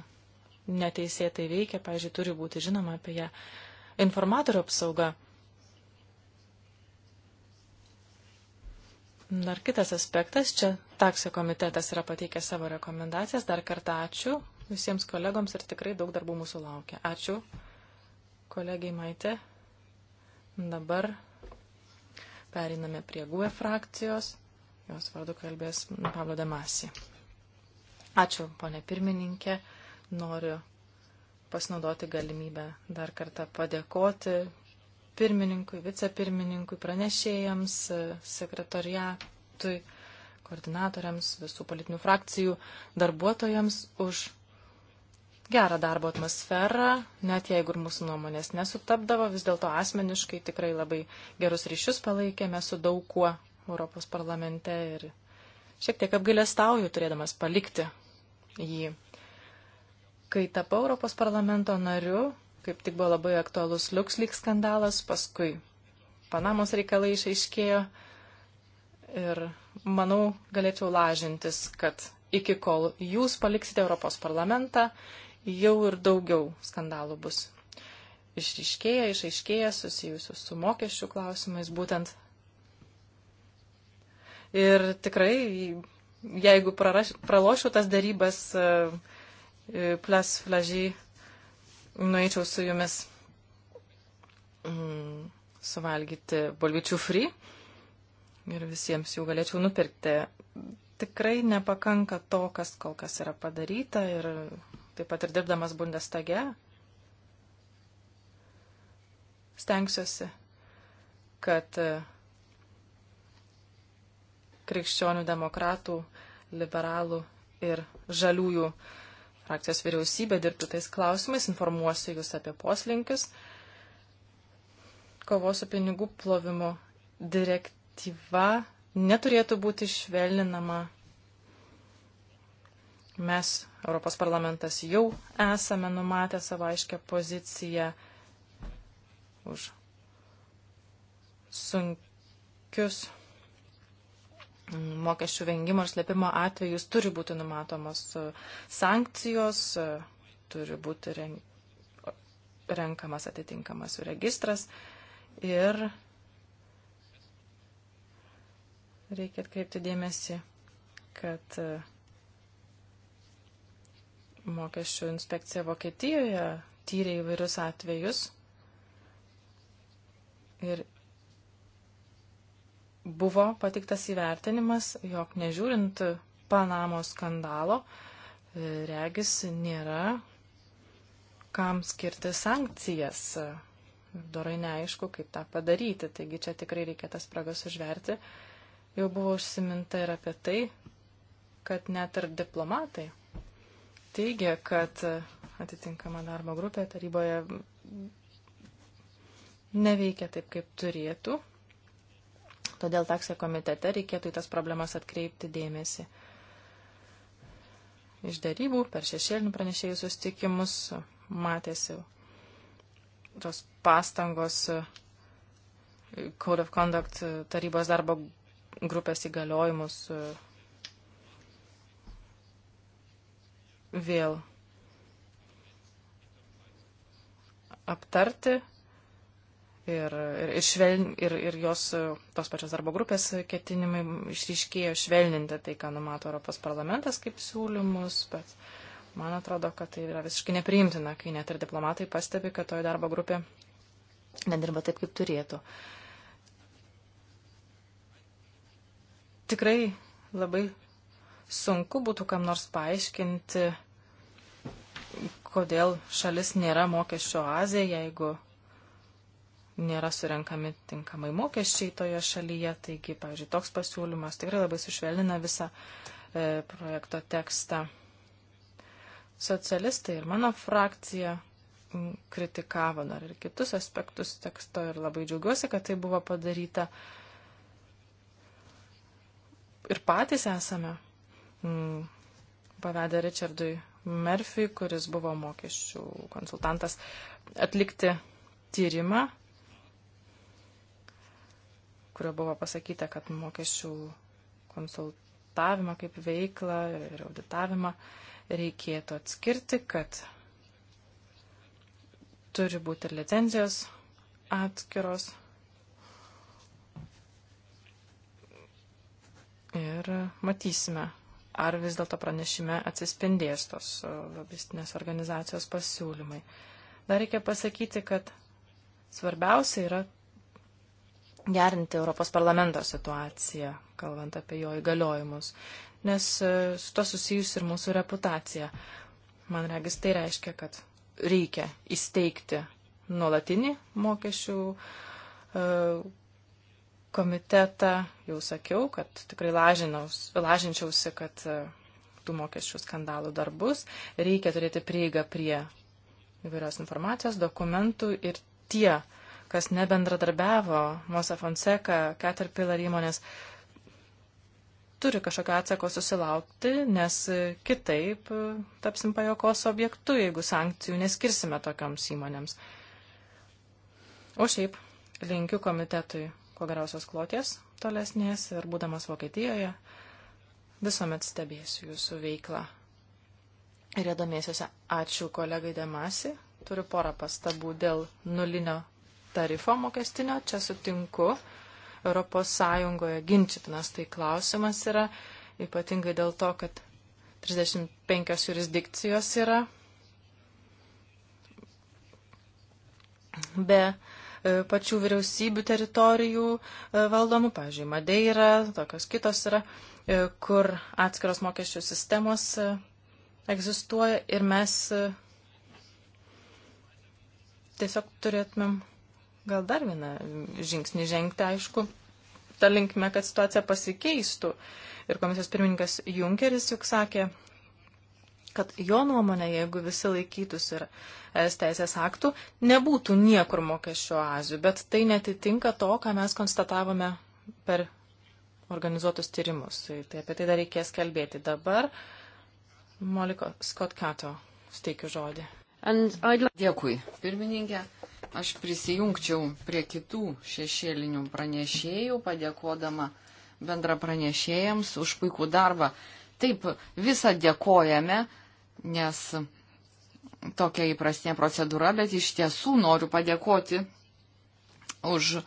neteisėtai veikia, pažiūrėjau, turi būti žinoma apie ją, informatorių apsauga. Dar kitas aspektas, čia taksio komitetas yra pateikęs savo rekomendacijas. Dar kartą ačiū visiems kolegoms ir tikrai daug darbų mūsų laukia. Ačiū kolegiai Maitė. Dabar periname prie GUE frakcijos. Jos vardu kalbės Pablo Demasi. Ačiū, ponė pirmininkė. Noriu pasinaudoti galimybę dar kartą padėkoti pirmininkui, vicepirmininkui, pranešėjams, sekretoriatui, koordinatoriams, visų politinių frakcijų, darbuotojams už gerą darbo atmosferą, net jeigu ir mūsų nuomonės nesutapdavo, vis dėlto asmeniškai tikrai labai gerus ryšius palaikėme su daug kuo Europos parlamente ir šiek tiek apgailestauju turėdamas palikti jį Kai tapau Europos parlamento nariu, kaip tik buvo labai aktualus LuxLeaks skandalas, paskui Panamos reikalai išaiškėjo ir manau galėčiau lažintis, kad iki kol jūs paliksite Europos parlamentą, jau ir daugiau skandalų bus išriškėję, išaiškėję susijusių su mokesčių klausimais būtent. Ir tikrai, jeigu praraš, pralošiu tas darybas, uh, E, plas Flažy nueičiau su jumis mm, suvalgyti bolvičių fri ir visiems jų galėčiau nupirkti. Tikrai nepakanka to, kas kol kas yra padaryta ir taip pat ir dirbdamas Bundestage stengsiuosi, kad e, krikščionių demokratų, liberalų ir žaliųjų uh, frakcijos vyriausybė dirbtų tais klausimais, informuosiu jūs apie poslinkius. Kovos su pinigų plovimu direktyva neturėtų būti švelninama. Mes, Europos parlamentas, jau esame numatę savo aiškę poziciją už sunkius mokesčių vengimo ir slėpimo atvejus turi būti numatomos e, sankcijos, e, turi būti renkamas atitinkamas registras ir reikia atkreipti dėmesį, kad e, mokesčių inspekcija Vokietijoje tyrė įvairius atvejus ir buvo patiktas įvertinimas, jog nežiūrint Panamo skandalo, e, regis nėra kam skirti sankcijas. Dorai neaišku, kaip tą padaryti, taigi čia tikrai reikia tas spragas užverti. Jau buvo užsiminta ir apie tai, kad net ir diplomatai teigia, kad atitinkama darbo grupė taryboje neveikia taip, kaip turėtų Todėl taksio komitete reikėtų į tas problemas atkreipti dėmesį. Iš darybų per šešėlinių pranešėjų sustikimus matėsi tos pastangos e, Code of Conduct e, tarybos darbo grupės įgaliojimus e, vėl aptarti ir, ir, ir, šveln, ir, ir jos e, tos pačios darbo grupės ketinimai išryškėjo švelninti tai, ką numato Europos parlamentas kaip siūlymus, bet man atrodo, kad tai yra visiškai nepriimtina, kai net ir diplomatai pastebi, kad toji darbo grupė nedirba taip, kaip turėtų. Tikrai labai sunku būtų kam nors paaiškinti, kodėl šalis nėra mokesčio azė, jeigu nėra surenkami tinkamai mokesčiai toje šalyje. Taigi, pavyzdžiui, toks pasiūlymas tikrai labai sušvelnina visą e, projekto tekstą. Socialistai ir mano frakcija mm, kritikavo dar ir kitus aspektus teksto ir labai džiaugiuosi, kad tai buvo padaryta. Ir patys esame mm, pavedę Richardui Murphy, kuris buvo mokesčių konsultantas, atlikti tyrimą kurio buvo pasakyta, kad mokesčių konsultavimą kaip veiklą ir auditavimą reikėtų atskirti, kad turi būti ir licenzijos atskiros. Ir matysime, ar vis dėlto pranešime atsispindės tos lobistinės organizacijos pasiūlymai. Dar reikia pasakyti, kad svarbiausia yra gerinti Europos parlamento situaciją, kalbant apie jo įgaliojimus, nes e, su to susijus ir mūsų reputacija. Man regis tai reiškia, kad reikia įsteigti nuolatinį mokesčių e, komitetą. Jau sakiau, kad tikrai lažinaus, lažinčiausi, kad e, tų mokesčių skandalų dar bus. Reikia turėti prieigą prie įvairios informacijos, dokumentų ir tie uh, kas nebendradarbiavo, Mosa Fonseca, Caterpillar įmonės, turi kažkokio atsako susilaukti, nes kitaip e, tapsim pajokos objektu, jeigu sankcijų neskirsime tokioms įmonėms. O šiaip linkiu komitetui kuo geriausios kloties tolesnės ir būdamas Vokietijoje visuomet stebėsiu jūsų veiklą. Ir įdomėsiuose ačiū kolegai Demasi. Turiu porą pastabų dėl nulinio tarifo mokestinio, čia sutinku, Europos Sąjungoje ginčytinas tai klausimas yra, ypatingai dėl to, kad 35 jurisdikcijos yra. Be e, pačių vyriausybių teritorijų e, valdomų, pavyzdžiui, Madeira, tokios kitos yra, e, kur atskiros mokesčių sistemos egzistuoja ir mes tiesiog turėtumėm gal dar vieną žingsnį žengti, aišku, tą linkmę, kad situacija pasikeistų. Ir komisijos pirmininkas Junkeris juk sakė, kad jo nuomonė, jeigu visi laikytųsi ir es teisės aktų, nebūtų niekur mokesčio azijų, bet tai netitinka to, ką mes konstatavome per organizuotus tyrimus. Tai, tai apie tai dar reikės kalbėti. Dabar Moliko Scott Kato steikiu žodį. Like... Dėkui, pirmininkė aš prisijungčiau prie kitų šešėlinių pranešėjų, padėkodama bendra pranešėjams už puikų darbą. Taip, visą dėkojame, nes tokia įprastinė procedūra, bet iš tiesų noriu padėkoti už e,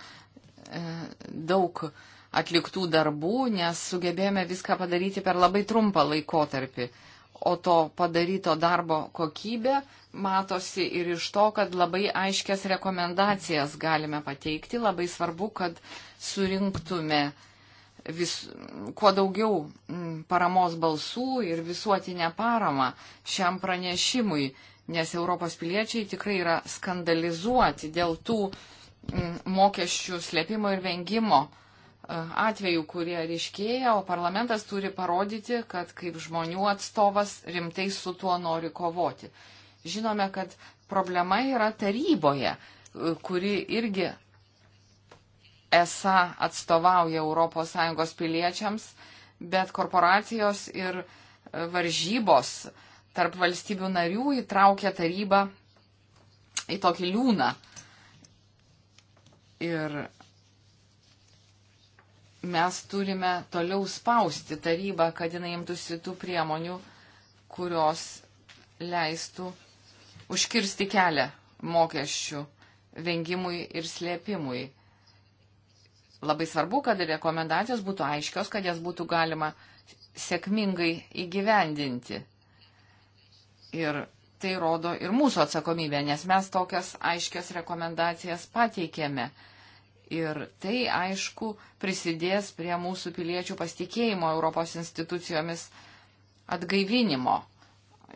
daug atliktų darbų, nes sugebėjome viską padaryti per labai trumpą laikotarpį o to padaryto darbo kokybė matosi ir iš to, kad labai aiškias rekomendacijas galime pateikti. Labai svarbu, kad surinktume vis, kuo daugiau mm, paramos balsų ir visuotinę paramą šiam pranešimui, nes Europos piliečiai tikrai yra skandalizuoti dėl tų mm, mokesčių slėpimo ir vengimo E, atvejų, kurie ryškėja, o parlamentas turi parodyti, kad kaip žmonių atstovas rimtai su tuo nori kovoti. Žinome, kad problema yra taryboje, e, kuri irgi esą atstovauja ES piliečiams, bet korporacijos ir e, varžybos tarp valstybių narių įtraukia tarybą į tokį liūną. Ir mes turime toliau spausti tarybą, kad jinai imtųsi tų priemonių, kurios leistų užkirsti kelią mokesčių vengimui ir slėpimui. Labai svarbu, kad rekomendacijos būtų aiškios, kad jas būtų galima sėkmingai įgyvendinti. Ir tai rodo ir mūsų atsakomybė, nes mes tokias aiškias rekomendacijas pateikėme. Ir tai, aišku, prisidės prie mūsų piliečių pasitikėjimo Europos institucijomis atgaivinimo.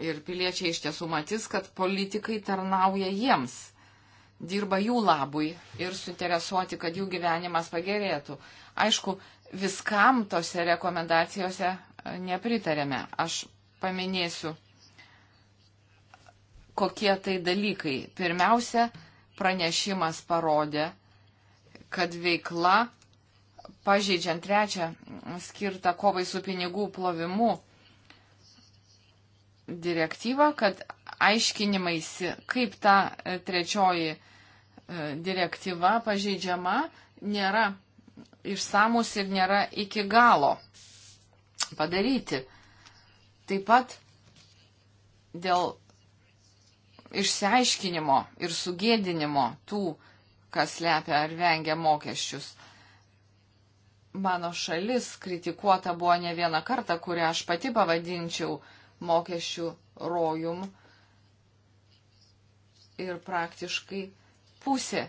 Ir piliečiai iš tiesų matys, kad politikai tarnauja jiems, dirba jų labui ir suinteresuoti, kad jų gyvenimas pagerėtų. Aišku, viskam tose rekomendacijose e, nepritarėme. Aš paminėsiu, kokie tai dalykai. Pirmiausia, pranešimas parodė, kad veikla, pažeidžiant trečią skirtą kovai su pinigų plovimu direktyvą, kad aiškinimaisi, kaip ta trečioji e, direktyva pažeidžiama, nėra išsamus ir nėra iki galo padaryti. Taip pat dėl išsiaiškinimo ir sugėdinimo tų kas slepia ar vengia mokesčius. Mano šalis kritikuota buvo ne vieną kartą, kurią aš pati pavadinčiau mokesčių rojum. Ir praktiškai pusė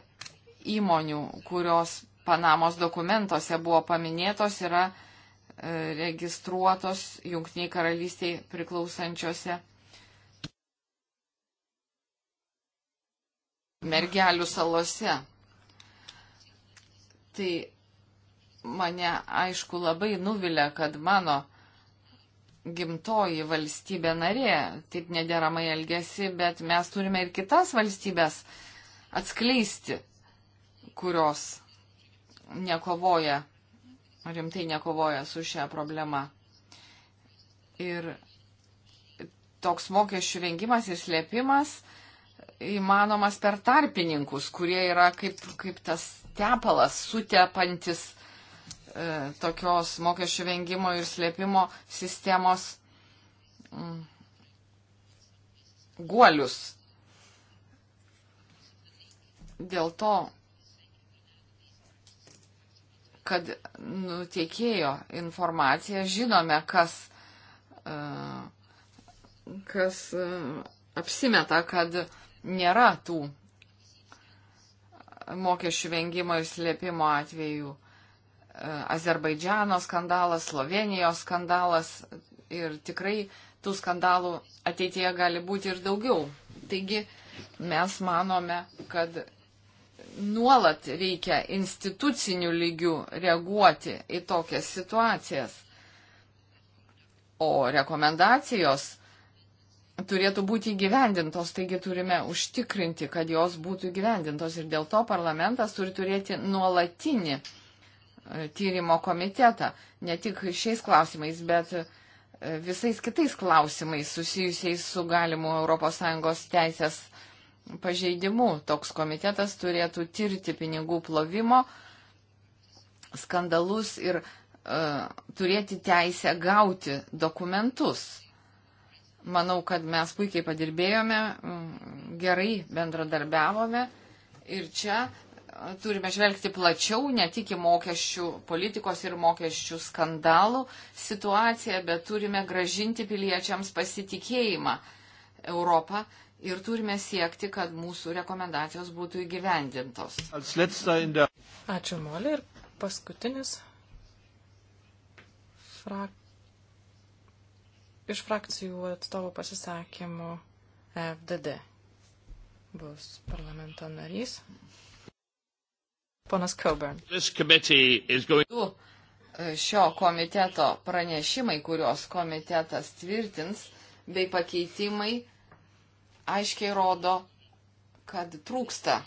įmonių, kurios Panamos dokumentuose buvo paminėtos, yra e, registruotos Junktiniai karalystiai priklausančiose mergelių salose. Tai mane aišku labai nuvilia, kad mano gimtoji valstybė narė taip nederamai elgesi, bet mes turime ir kitas valstybės atskleisti, kurios nekovoja, rimtai nekovoja su šia problema. Ir toks mokesčių vengimas ir slėpimas įmanomas per tarpininkus, kurie yra kaip, kaip tas tepalas sutepantis e, tokios mokesčių vengimo ir slėpimo sistemos mm, guolius. Dėl to, kad nutiekėjo informacija, žinome, kas, e, kas e, apsimeta, kad nėra tų mokesčių vengimo ir slėpimo atvejų. E, Azerbaidžiano skandalas, Slovenijos skandalas ir tikrai tų skandalų ateityje gali būti ir daugiau. Taigi mes manome, kad nuolat reikia institucinių lygių reaguoti į tokias situacijas. O rekomendacijos turėtų būti įgyvendintos, taigi turime užtikrinti, kad jos būtų įgyvendintos ir dėl to parlamentas turi turėti nuolatinį e, tyrimo komitetą, ne tik šiais klausimais, bet e, visais kitais klausimais susijusiais su galimu ES teisės pažeidimu. Toks komitetas turėtų tirti pinigų plovimo skandalus ir uh, turėti teisę gauti dokumentus Manau, kad mes puikiai padirbėjome, mm, gerai bendradarbiavome ir čia e, turime žvelgti plačiau, ne tik į mokesčių politikos ir mokesčių skandalų situaciją, bet turime gražinti piliečiams pasitikėjimą Europą ir turime siekti, kad mūsų rekomendacijos būtų įgyvendintos. Ačiū, Molė. Ir paskutinis frak iš frakcijų atstovų pasisakymų FDD bus parlamento narys. Ponas Coburn. Going... E, šio komiteto pranešimai, kuriuos komitetas tvirtins, bei pakeitimai aiškiai rodo, kad trūksta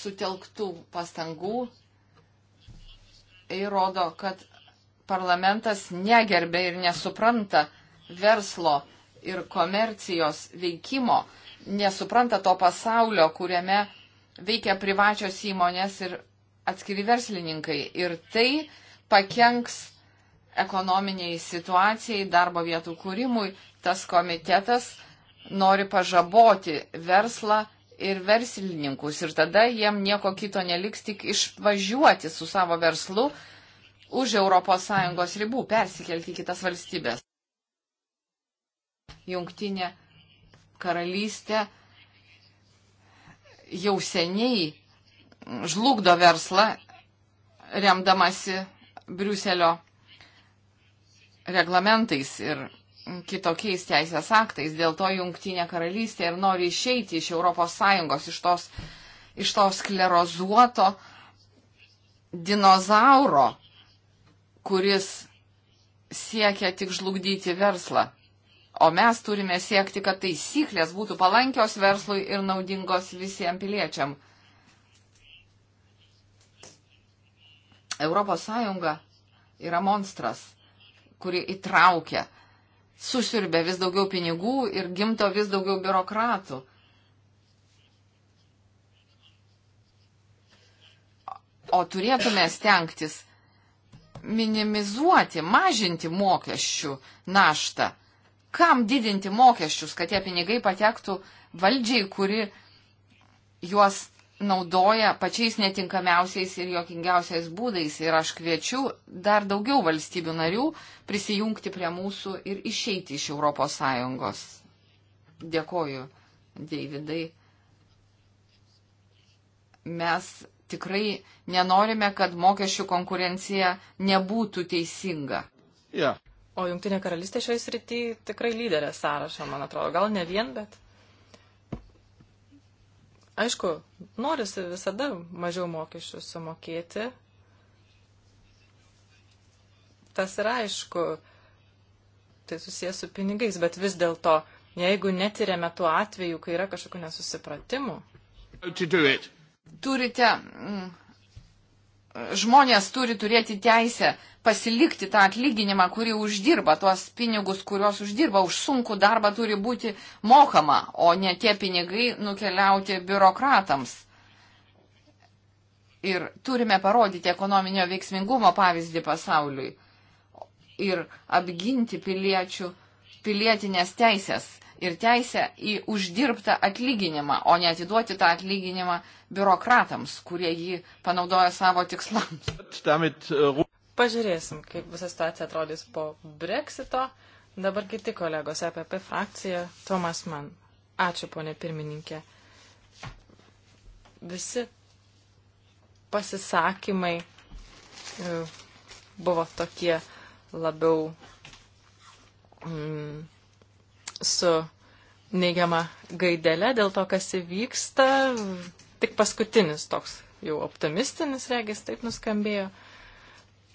sutelktų pastangų ir rodo, kad parlamentas negerbė ir nesupranta verslo ir komercijos veikimo, nesupranta to pasaulio, kuriame veikia privačios įmonės ir atskiri verslininkai. Ir tai pakenks ekonominiai situacijai, darbo vietų kūrimui. Tas komitetas nori pažaboti verslą ir verslininkus. Ir tada jiem nieko kito neliks tik išvažiuoti su savo verslu už ES ribų persikelti į kitas valstybės. Jungtinė karalystė jau seniai žlugdo verslą, remdamasi Briuselio reglamentais ir kitokiais teisės aktais. Dėl to Jungtinė karalystė ir nori išeiti iš ES, iš tos, iš tos sklerozuoto dinozauro kuris siekia tik žlugdyti verslą. O mes turime siekti, kad taisyklės būtų palankios verslui ir naudingos visiems piliečiam. Europos Sąjunga yra monstras, kuri įtraukia, susirbė vis daugiau pinigų ir gimto vis daugiau biurokratų. O turėtume stengtis minimizuoti, mažinti mokesčių naštą. Kam didinti mokesčius, kad tie pinigai patektų valdžiai, kuri juos naudoja pačiais netinkamiausiais ir jokingiausiais būdais. Ir aš kviečiu dar daugiau valstybių narių prisijungti prie mūsų ir išeiti iš ES. Dėkoju, Deividai. Mes tikrai nenorime, kad mokesčių konkurencija nebūtų teisinga. Ja. O Junktinė karalystė šioje srityje tikrai lyderė sąrašą, man atrodo. Gal ne vien, bet. Aišku, norisi visada mažiau mokesčių sumokėti. Tas yra aišku, tai susijęs su pinigais, bet vis dėlto, jeigu netyrėme tų atvejų, kai yra kažkokių nesusipratimų. To do it turite, mm, žmonės turi turėti teisę pasilikti tą atlyginimą, kurį uždirba, tuos pinigus, kuriuos uždirba, už sunkų darbą turi būti mokama, o ne tie pinigai nukeliauti biurokratams. Ir turime parodyti ekonominio veiksmingumo pavyzdį pasauliui ir apginti piliečių pilietinės teisės ir teisę į uždirbtą atlyginimą, o ne atiduoti tą atlyginimą biurokratams, kurie jį panaudoja savo tikslams. Äh, Pažiūrėsim, kaip visa situacija atrodys po breksito. Dabar kiti kolegos EPP frakcija, Tomas Man. Ačiū, ponė pirmininkė. Visi pasisakymai e, buvo tokie labiau mm, su neigiama gaidele dėl to, kas įvyksta. Tik paskutinis toks jau optimistinis regis taip nuskambėjo.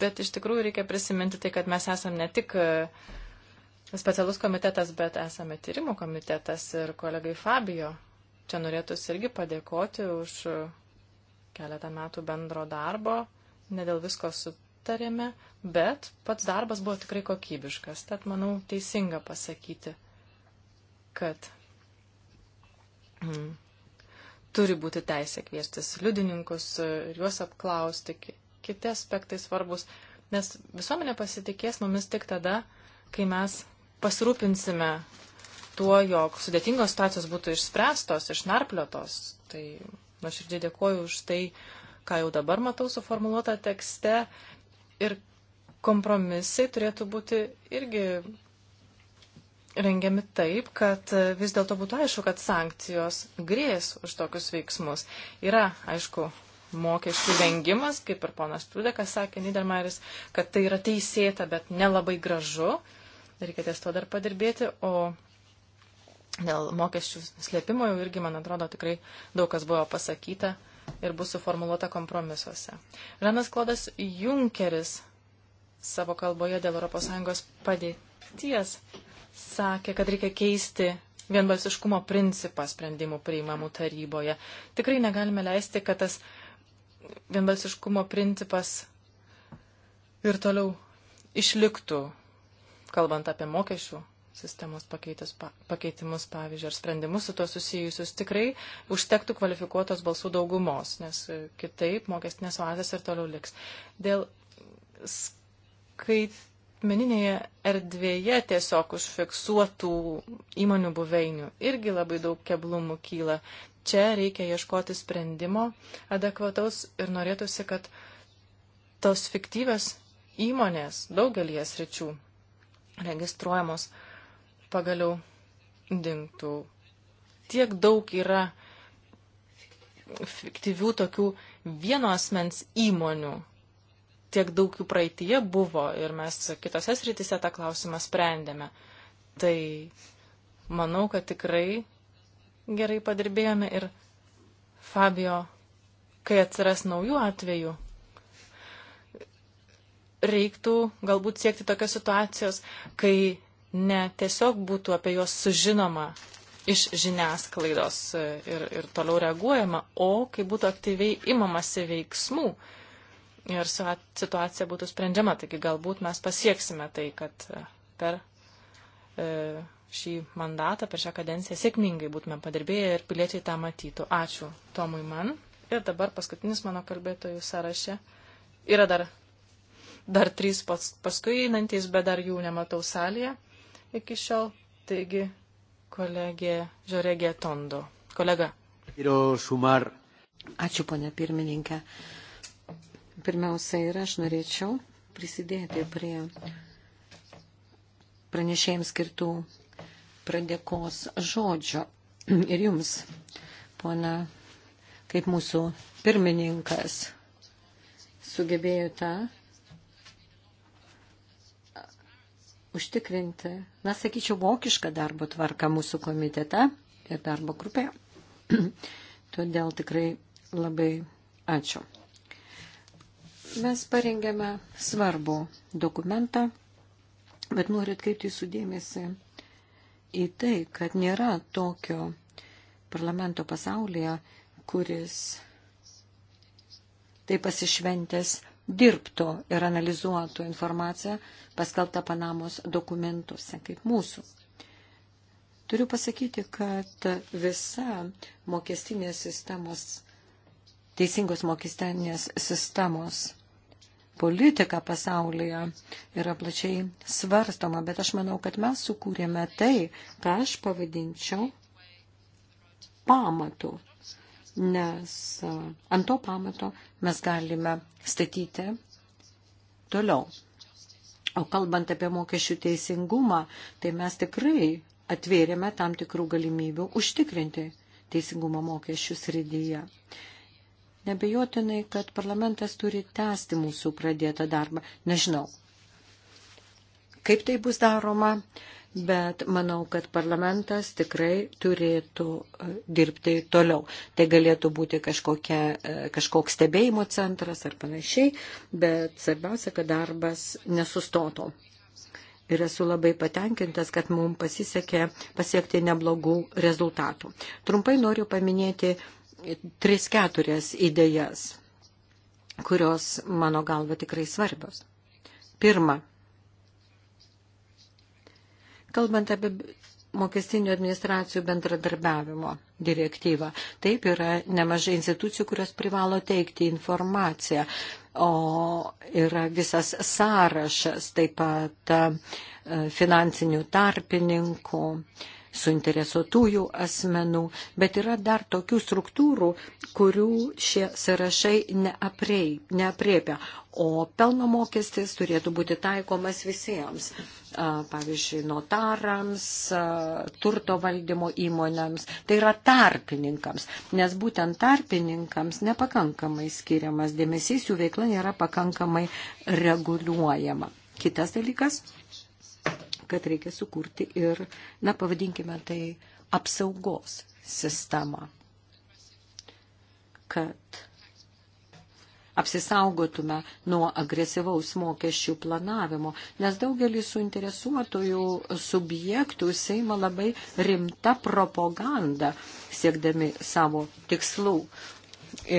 Bet iš tikrųjų reikia prisiminti tai, kad mes esame ne tik e, specialus komitetas, bet esame tyrimų komitetas ir kolegai Fabio. Čia norėtųsi irgi padėkoti už keletą metų bendro darbo. Ne dėl visko su aptarėme, bet pats darbas buvo tikrai kokybiškas. Tad, manau, teisinga pasakyti, kad mm, turi būti teisė kviestis liudininkus ir juos apklausti. Kiti aspektai svarbus, nes visuomenė pasitikės mumis tik tada, kai mes pasirūpinsime tuo, jog sudėtingos situacijos būtų išspręstos, išnarpliotos. Tai nuoširdžiai dėkoju už tai, ką jau dabar matau suformuoluotą tekste Ir kompromisai turėtų būti irgi rengiami taip, kad vis dėlto būtų aišku, kad sankcijos grės už tokius veiksmus. Yra, aišku, mokesčių vengimas, kaip ir ponas Tudekas sakė, Nidermaris, kad tai yra teisėta, bet nelabai gražu. Reikia ties to dar padirbėti, o dėl mokesčių slėpimo jau irgi, man atrodo, tikrai daug kas buvo pasakyta ir bus suformuoluota kompromisuose. Žanas Klodas Junkeris savo kalboje dėl ES padėties sakė, kad reikia keisti vienbalsiškumo principą sprendimų priimamų taryboje. Tikrai negalime leisti, kad tas vienbalsiškumo principas ir toliau išliktų, kalbant apie mokesčių sistemos pa, pakeitimus, pavyzdžiui, ar sprendimus su to susijusius, tikrai užtektų kvalifikuotos balsų daugumos, nes e, kitaip mokestinės oazės ir toliau liks. Dėl skaitmeninėje erdvėje tiesiog užfiksuotų įmonių buveinių irgi labai daug keblumų kyla. Čia reikia ieškoti sprendimo adekvataus ir norėtųsi, kad tos fiktyvios įmonės daugelį sričių registruojamos pagaliau dinktų. Tiek daug yra fiktyvių tokių vieno asmens įmonių. Tiek daug jų praeitie buvo ir mes kitose srityse tą klausimą sprendėme. Tai manau, kad tikrai gerai padirbėjome ir Fabio, kai atsiras naujų atvejų, reiktų galbūt siekti tokios situacijos, kai ne tiesiog būtų apie juos sužinoma iš žiniasklaidos e, ir, ir toliau reaguojama, o kai būtų aktyviai imamasi veiksmų ir situacija būtų sprendžiama. Taigi galbūt mes pasieksime tai, kad e, per e, šį mandatą, per šią kadenciją sėkmingai būtume padirbėję ir piliečiai tą matytų. Ačiū Tomui man. Ir dabar paskutinis mano kalbėtojų sąraše. Yra dar, dar trys pas, paskui einantis, bet dar jų nematau salėje iki šiol. Taigi, kolegė Žoregė Tondo. Kolega. Ačiū, ponė pirmininkė. Pirmiausia, ir aš norėčiau prisidėti prie pranešėjams skirtų pradėkos žodžio. Ir jums, pona, kaip mūsų pirmininkas, sugebėjote užtikrinti, na, sakyčiau, vokišką darbo tvarką mūsų komitete ir darbo grupėje. <clears throat> Todėl tikrai labai ačiū. Mes parengėme svarbų dokumentą, bet noriu atkreipti jūsų dėmesį į tai, kad nėra tokio parlamento pasaulyje, kuris tai pasišventęs dirbtų ir analizuotų informaciją paskelbtą Panamos dokumentuose, kaip mūsų. Turiu pasakyti, kad visa mokestinės sistemos, teisingos mokestinės sistemos politika pasaulyje yra plačiai svarstoma, bet aš manau, kad mes sukūrėme tai, ką aš pavadinčiau pamatu nes e, ant to pamato mes galime statyti toliau. O kalbant apie mokesčių teisingumą, tai mes tikrai atvėrėme tam tikrų galimybių užtikrinti teisingumo mokesčių srityje. Nebejotinai, kad parlamentas turi tęsti mūsų pradėtą darbą. Nežinau, kaip tai bus daroma, bet manau, kad parlamentas tikrai turėtų e, dirbti toliau. Tai galėtų būti kažkokia, e, kažkoks stebėjimo centras ar panašiai, bet svarbiausia, kad darbas nesustotų. Ir esu labai patenkintas, kad mums pasisekė pasiekti neblogų rezultatų. Trumpai noriu paminėti tris keturias idėjas, kurios mano galva tikrai svarbios. Pirma, Kalbant apie mokestinių administracijų bendradarbiavimo direktyvą. Taip yra nemažai institucijų, kurios privalo teikti informaciją, o yra visas sąrašas, taip pat e, finansinių tarpininkų suinteresuotųjų asmenų, bet yra dar tokių struktūrų, kurių šie sąrašai neapriepia, o pelno mokestis turėtų būti taikomas visiems pavyzdžiui, notarams, turto valdymo įmonėms, tai yra tarpininkams, nes būtent tarpininkams nepakankamai skiriamas dėmesys, jų veikla nėra pakankamai reguliuojama. Kitas dalykas, kad reikia sukurti ir, na, pavadinkime tai, apsaugos sistemą, kad apsisaugotume nuo agresyvaus mokesčių planavimo, nes daugelis suinteresuotojų subjektų seima labai rimta propaganda siekdami savo tikslų.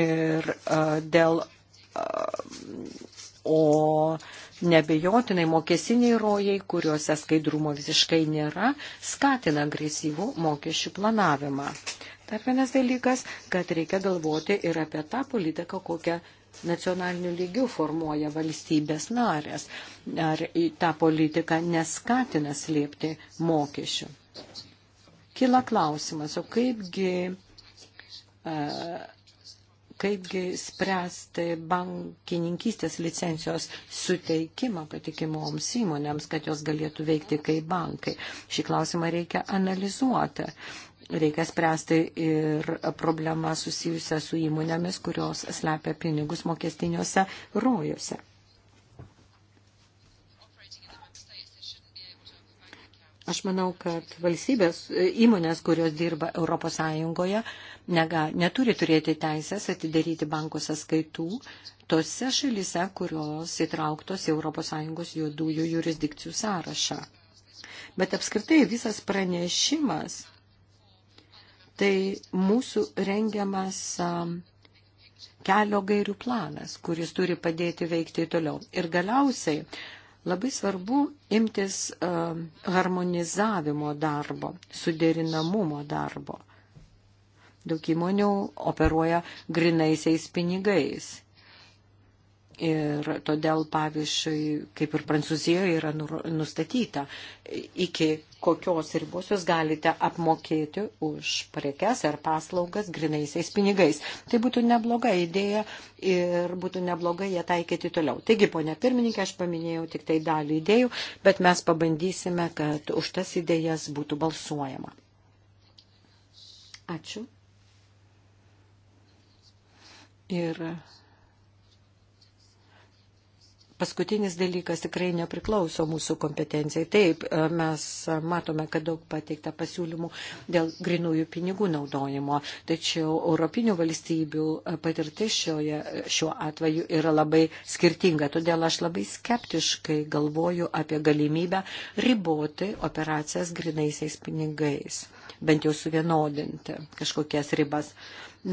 Ir uh, dėl. Uh, o nebejotinai mokesiniai rojai, kuriuose skaidrumo visiškai nėra, skatina agresyvų mokesčių planavimą. Dar vienas dalykas, kad reikia galvoti ir apie tą politiką, kokią nacionaliniu lygiu formuoja valstybės narės, ar tą politiką neskatina slėpti mokesčių. Kila klausimas, o kaipgi, e, kaipgi spręsti bankininkystės licencijos suteikimą patikimoms įmonėms, kad jos galėtų veikti kaip bankai. Šį klausimą reikia analizuoti reikia spręsti ir problemą susijusią su įmonėmis, kurios slepia pinigus mokestiniuose rojuose. Aš manau, kad valstybės įmonės, kurios dirba Europos Sąjungoje, nega, neturi turėti teisės atidaryti bankų sąskaitų tose šalise, kurios įtrauktos į Europos Sąjungos juodųjų jurisdikcijų sąrašą. Bet apskritai visas pranešimas tai mūsų rengiamas kelio gairių planas, kuris turi padėti veikti toliau. Ir galiausiai labai svarbu imtis harmonizavimo darbo, suderinamumo darbo. Daug įmonių operuoja grinaisiais pinigais. Ir todėl, pavyzdžiui, kaip ir Prancūzijoje yra nustatyta, iki kokios ribos jūs galite apmokėti už prekes ar paslaugas grinaisiais pinigais. Tai būtų nebloga idėja ir būtų nebloga ją taikyti toliau. Taigi, ponia pirmininkė, aš paminėjau tik tai dalį idėjų, bet mes pabandysime, kad už tas idėjas būtų balsuojama. Ačiū. Ir Paskutinis dalykas tikrai nepriklauso mūsų kompetencijai. Taip, e, mes matome, kad daug pateikta pasiūlymų dėl grinųjų pinigų naudojimo, tačiau europinių valstybių e, patirtis šioje, šiuo atveju yra labai skirtinga. Todėl aš labai skeptiškai galvoju apie galimybę riboti operacijas grinaisiais pinigais, bent jau suvienodinti kažkokias ribas.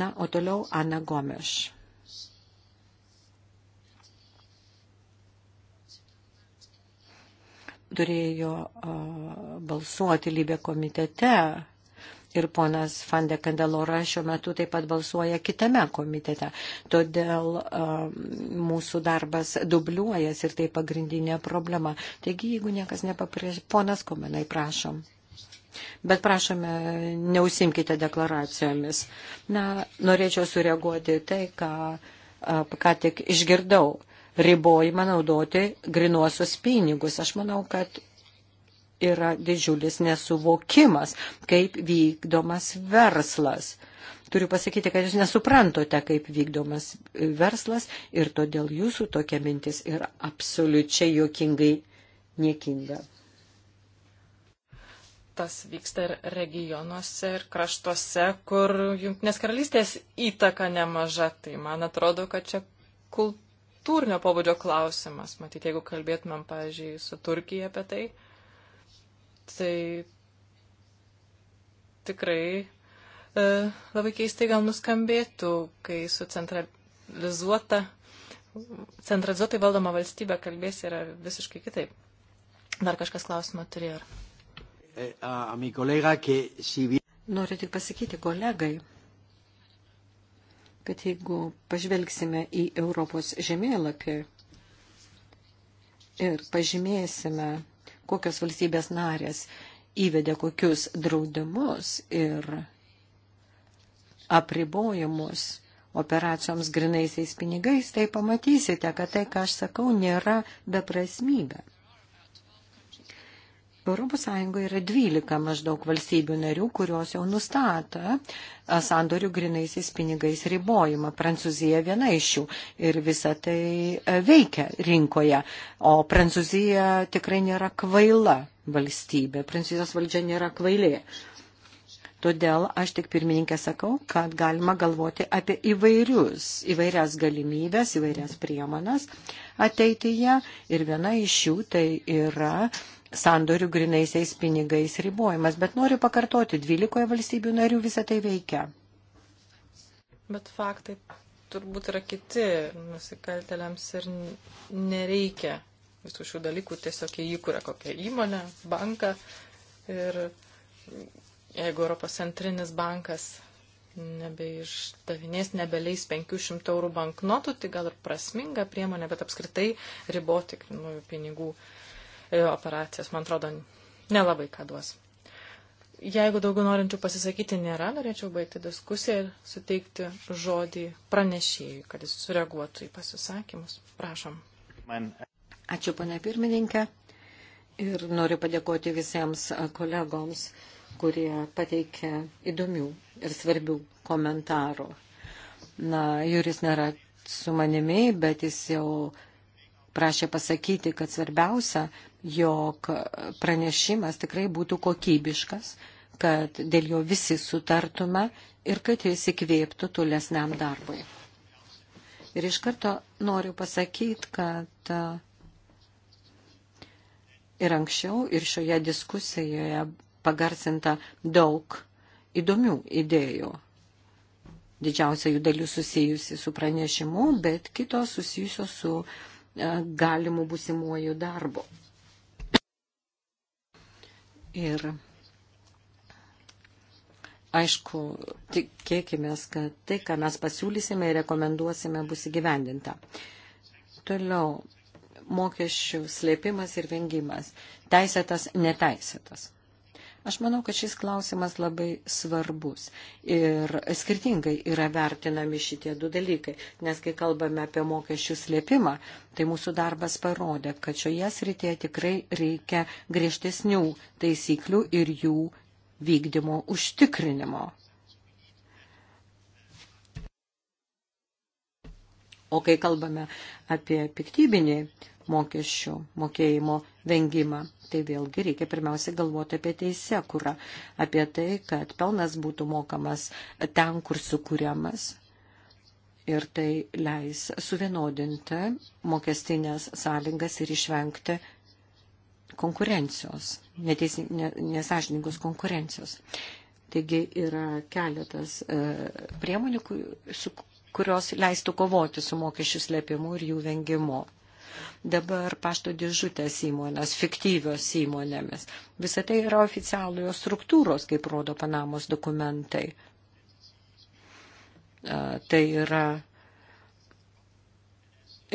Na, o toliau Ana Gomeš. turėjo balsuoti lybė komitete ir ponas Fande Kandelora šiuo metu taip pat balsuoja kitame komitete. Todėl um, mūsų darbas dubliuojas ir tai pagrindinė problema. Taigi, jeigu niekas nepaprašė, ponas Komenai, prašom. Bet prašome, neusimkite deklaracijomis. Na, norėčiau sureaguoti tai, ką, ką tik išgirdau. Uh, ribojimą naudoti grinuosius pinigus. Aš manau, kad yra didžiulis nesuvokimas, kaip vykdomas verslas. Turiu pasakyti, kad jūs nesuprantote, kaip vykdomas verslas ir todėl jūsų tokia mintis yra absoliučiai jokingai niekinga. Tas vyksta ir regionuose, ir kraštuose, kur jungtinės karalystės įtaka nemaža. Tai man atrodo, kad čia kult struktūrinio pobūdžio klausimas. Matyt, jeigu kalbėtumėm, pavyzdžiui, su Turkija apie tai, tai tikrai e, labai keistai gal nuskambėtų, kai su centralizuota, centralizuotai valdoma valstybė kalbės yra visiškai kitaip. Dar kažkas klausimą turėjo. E, Noriu tik pasakyti kolegai, kad jeigu pažvelgsime į Europos žemėlapį ir pažymėsime, kokios valstybės narės įvedė kokius draudimus ir apribojimus operacijoms grinaisiais pinigais, tai pamatysite, kad tai, ką aš sakau, nėra beprasmybė. Europos Sąjungoje yra 12 maždaug valstybių narių, kurios jau nustato sandorių grinaisiais pinigais ribojimą. Prancūzija viena iš jų ir visa tai veikia rinkoje. O Prancūzija tikrai nėra kvaila valstybė. Prancūzijos valdžia nėra kvailė. Todėl aš tik pirmininkė sakau, kad galima galvoti apie įvairius, įvairias galimybės, įvairias priemonas ateityje ir viena iš jų tai yra sandorių grinaisiais pinigais ribojimas. Bet noriu pakartoti, 12 valstybių narių visą tai veikia. Bet faktai turbūt yra kiti, nusikaltėliams ir nereikia visų šių dalykų, tiesiog jie įkuria kokią įmonę, banką ir jeigu Europos centrinis bankas nebeišdavinės, nebeleis 500 eurų banknotų, tai gal ir prasminga priemonė, bet apskritai riboti grinųjų pinigų uh, E, operacijas, man atrodo, nelabai ką duos. Jeigu daugiau norinčių pasisakyti nėra, norėčiau baigti diskusiją ir suteikti žodį pranešėjui, kad jis sureaguotų į pasisakymus. Prašom. Man. Ačiū, pane pirmininkė. Ir noriu padėkoti visiems kolegoms, kurie pateikė įdomių ir svarbių komentarų. Na, Juris nėra su manimi, bet jis jau prašė pasakyti, kad svarbiausia, jog pranešimas tikrai būtų kokybiškas, kad dėl jo visi sutartume ir kad jis įkvėptų tolesniam darbui. Ir iš karto noriu pasakyti, kad e, ir anksčiau, ir šioje diskusijoje pagarsinta daug įdomių idėjų. Didžiausia jų dalis susijusi su pranešimu, bet kitos susijusios su uh, E, galimų busimuojų darbo. Ir aišku, tikėkime, kad tai, ką mes pasiūlysime ir rekomenduosime, bus įgyvendinta. Toliau, mokesčių slėpimas ir vengimas. Teisėtas, neteisėtas Aš manau, kad šis klausimas labai svarbus ir skirtingai yra vertinami šitie du dalykai, nes kai kalbame apie mokesčių slėpimą, tai mūsų darbas parodė, kad šioje srityje tikrai reikia griežtesnių taisyklių ir jų vykdymo užtikrinimo. O kai kalbame apie piktybinį mokesčių mokėjimo vengimą, tai vėlgi reikia pirmiausia galvoti apie teisę, kurą, apie tai, kad pelnas būtų mokamas ten, kur sukūriamas. Ir tai leis suvienodinti mokestinės sąlygas ir išvengti konkurencijos, neteisi, ne, nesažininkos konkurencijos. Taigi yra keletas e, priemonių, su, kurios leistų kovoti su mokesčių slėpimu ir jų vengimu dabar pašto dėžutės įmonės, fiktyvios įmonėmis. Visą tai yra oficialiojo struktūros, kaip rodo Panamos dokumentai. Tai yra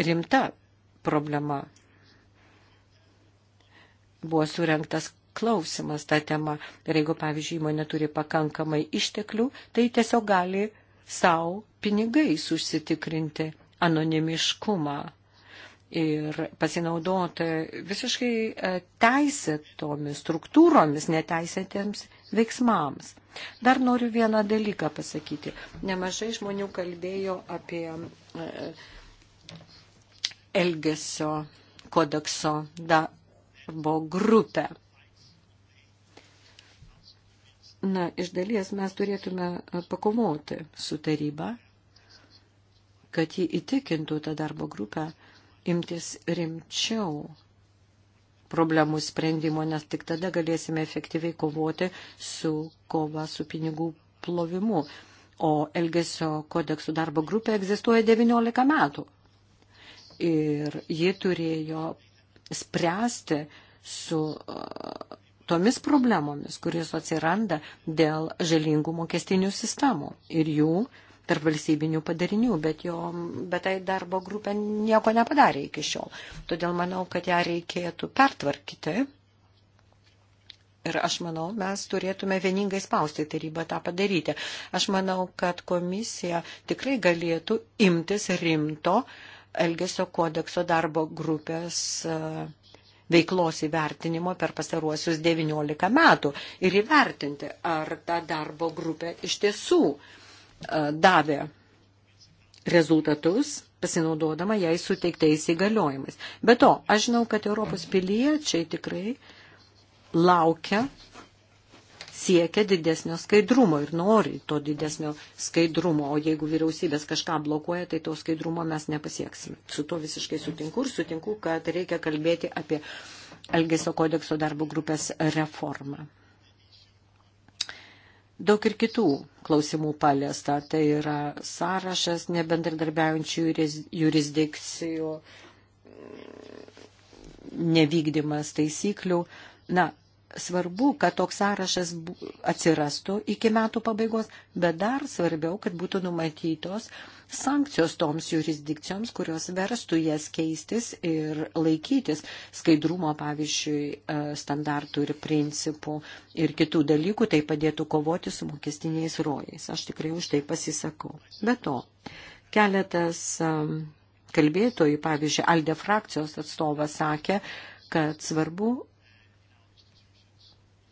rimta problema. Buvo surinktas klausimas tą temą. Ir jeigu, pavyzdžiui, įmonė turi pakankamai išteklių, tai tiesiog gali savo pinigais užsitikrinti anonimiškumą ir pasinaudota visiškai e, teisėtomis struktūromis, neteisėtėms veiksmams. Dar noriu vieną dalyką pasakyti. Nemažai žmonių kalbėjo apie e, Elgesio kodekso darbo grupę. Na, iš dalies mes turėtume e, pakovoti su taryba, kad ji įtikintų tą darbo grupę, imtis rimčiau problemų sprendimo, nes tik tada galėsime efektyviai kovoti su kova su pinigų plovimu. O Elgesio kodeksų darbo grupė egzistuoja 19 metų. Ir ji turėjo spręsti su uh, tomis problemomis, kuris atsiranda dėl žalingų mokestinių sistemų ir jų uh, tarp valstybinių padarinių, bet, jo, bet tai darbo grupė nieko nepadarė iki šiol. Todėl manau, kad ją reikėtų pertvarkyti. Ir aš manau, mes turėtume vieningai spausti tarybą tą padaryti. Aš manau, kad komisija tikrai galėtų imtis rimto Elgesio kodekso darbo grupės e, veiklos įvertinimo per pastaruosius 19 metų ir įvertinti, ar ta darbo grupė iš tiesų uh, E, davė rezultatus pasinaudodama jai suteiktais įgaliojimais. Be to, aš žinau, kad Europos piliečiai tikrai laukia, siekia didesnio skaidrumo ir nori to didesnio skaidrumo, o jeigu vyriausybės kažką blokuoja, tai to skaidrumo mes nepasieksime. Su to visiškai sutinku ir sutinku, kad reikia kalbėti apie Elgesio kodekso darbo grupės reformą daug ir kitų klausimų paliesta. Tai yra sąrašas nebendradarbiaujančių jurisdikcijų, nevykdymas taisyklių. Na, svarbu, kad toks sąrašas atsirastų iki metų pabaigos, bet dar svarbiau, kad būtų numatytos sankcijos toms jurisdikcijoms, kurios verstų jas keistis ir laikytis skaidrumo, pavyzdžiui, e, standartų ir principų ir kitų dalykų, tai padėtų kovoti su mokestiniais rojais. Aš tikrai už tai pasisakau. Be to, keletas e, kalbėtojų, pavyzdžiui, Alde frakcijos atstovas sakė, kad svarbu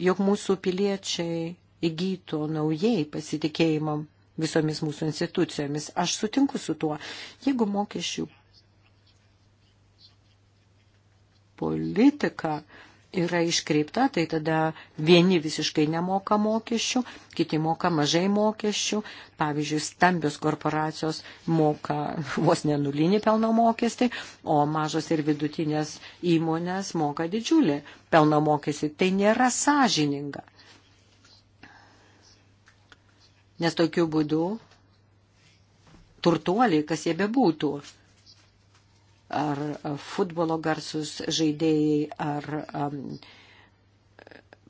jog mūsų piliečiai įgytų naujai pasitikėjimą visomis mūsų institucijomis. Aš sutinku su tuo. Jeigu mokesčių politika yra iškreipta, tai tada vieni visiškai nemoka mokesčių, kiti moka mažai mokesčių. Pavyzdžiui, stambios korporacijos moka <laughs> vos nenulinį pelno mokestį, o mažos ir vidutinės įmonės moka didžiulį pelno mokestį. Tai nėra sąžininga. Nes tokiu būdu turtuoliai, kas jie bebūtų, ar futbolo garsus žaidėjai, ar um,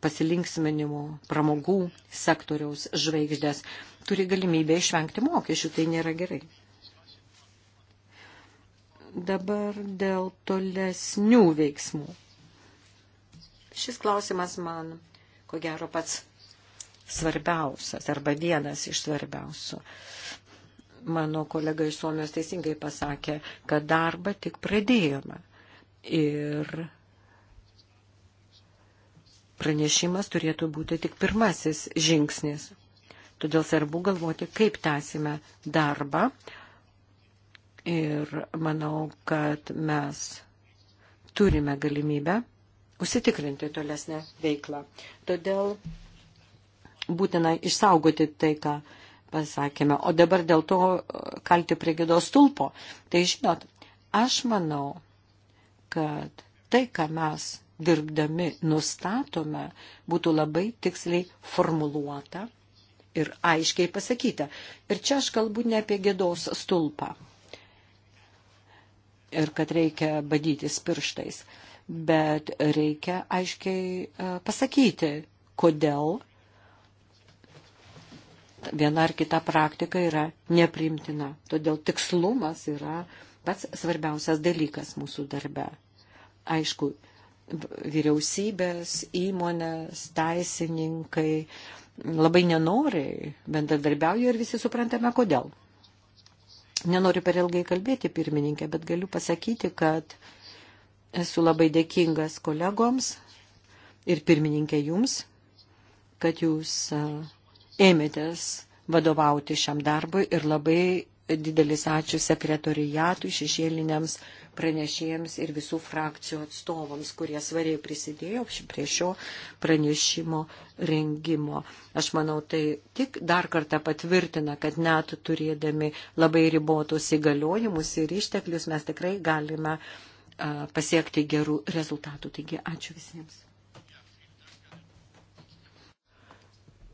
pasilinksminimo, pramogų sektoriaus žvaigždės turi galimybę išvengti mokesčių, tai nėra gerai. Dabar dėl tolesnių veiksmų. Šis klausimas man, ko gero, pats svarbiausias arba vienas iš svarbiausių mano kolega iš Suomijos teisingai pasakė, kad darbą tik pradėjome. Ir pranešimas turėtų būti tik pirmasis žingsnis. Todėl svarbu galvoti, kaip tęsime darbą. Ir manau, kad mes turime galimybę užsitikrinti tolesnę veiklą. Todėl būtina išsaugoti tai, ką pasakėme, o dabar dėl to e, kalti prie gėdos tulpo. Tai žinot, aš manau, kad tai, ką mes dirbdami nustatome, būtų labai tiksliai formuluota ir aiškiai pasakyta. Ir čia aš kalbu ne apie gėdos stulpą ir kad reikia badytis pirštais, bet reikia aiškiai e, pasakyti, kodėl viena ar kita praktika yra neprimtina. Todėl tikslumas yra pats svarbiausias dalykas mūsų darbe. Aišku, vyriausybės, įmonės, teisininkai labai nenoriai bendradarbiauja ir visi suprantame, kodėl. Nenoriu per ilgai kalbėti, pirmininkė, bet galiu pasakyti, kad esu labai dėkingas kolegoms ir pirmininkė jums, kad jūs uh, ėmėtės vadovauti šiam darbui ir labai didelis ačiū sekretorijatui, šešėliniams pranešėjams ir visų frakcijų atstovams, kurie svariai prisidėjo prie šio pranešimo rengimo. Aš manau, tai tik dar kartą patvirtina, kad net turėdami labai ribotus įgaliojimus ir išteklius mes tikrai galime pasiekti gerų rezultatų. Taigi ačiū visiems.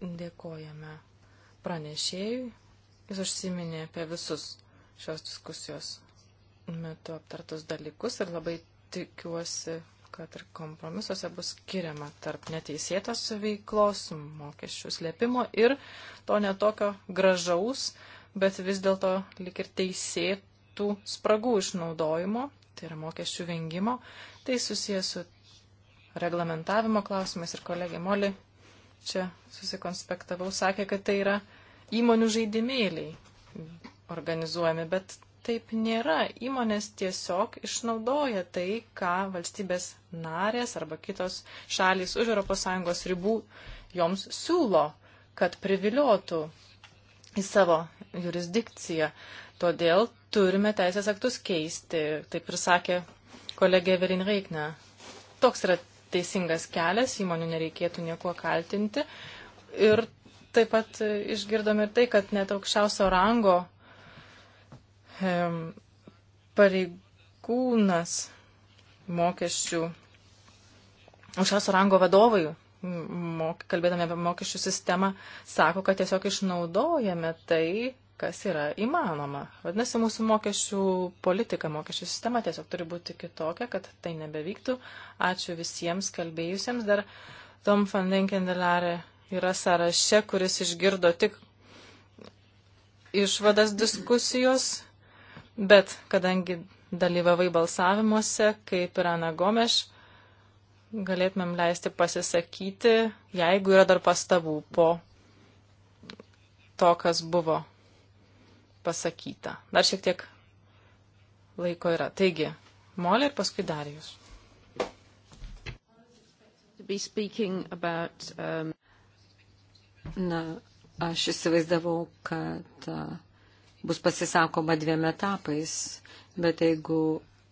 Dėkojame pranešėjui. Jis užsiminė apie visus šios diskusijos metu aptartus dalykus ir labai tikiuosi, kad ir kompromisuose bus skiriama tarp neteisėtos veiklos, mokesčių slėpimo ir to netokio gražaus, bet vis dėlto lik ir teisėtų spragų išnaudojimo, tai yra mokesčių vengimo, tai susijęs su reglamentavimo klausimais ir kolegė Moli čia susikonspektavau, sakė, kad tai yra įmonių žaidimėliai organizuojami, bet taip nėra. Įmonės tiesiog išnaudoja tai, ką valstybės narės arba kitos šalys už ES ribų joms siūlo, kad priviliotų į savo jurisdikciją. Todėl turime teisės aktus keisti, taip ir sakė kolegė Verin Reikne. Toks yra teisingas kelias, įmonių nereikėtų niekuo kaltinti. Ir taip pat išgirdom ir tai, kad net aukščiausio rango pareigūnas mokesčių, aukščiausio rango vadovai, mok, kalbėdami apie mokesčių sistemą, sako, kad tiesiog išnaudojame tai, kas yra įmanoma. Vadinasi, mūsų mokesčių politika, mokesčių sistema tiesiog turi būti kitokia, kad tai nebevyktų. Ačiū visiems kalbėjusiems. Dar Tom van Denkendelare yra sąraše, kuris išgirdo tik išvadas diskusijos, bet kadangi dalyvavai balsavimuose, kaip ir Ana Gomeš, galėtumėm leisti pasisakyti, jeigu yra dar pastabų po to, kas buvo pasakyta. Dar šiek tiek laiko yra. Taigi, Molė ir paskui Darijus. Um, Na, aš įsivaizdavau, kad uh, bus pasisakoma dviem etapais, bet jeigu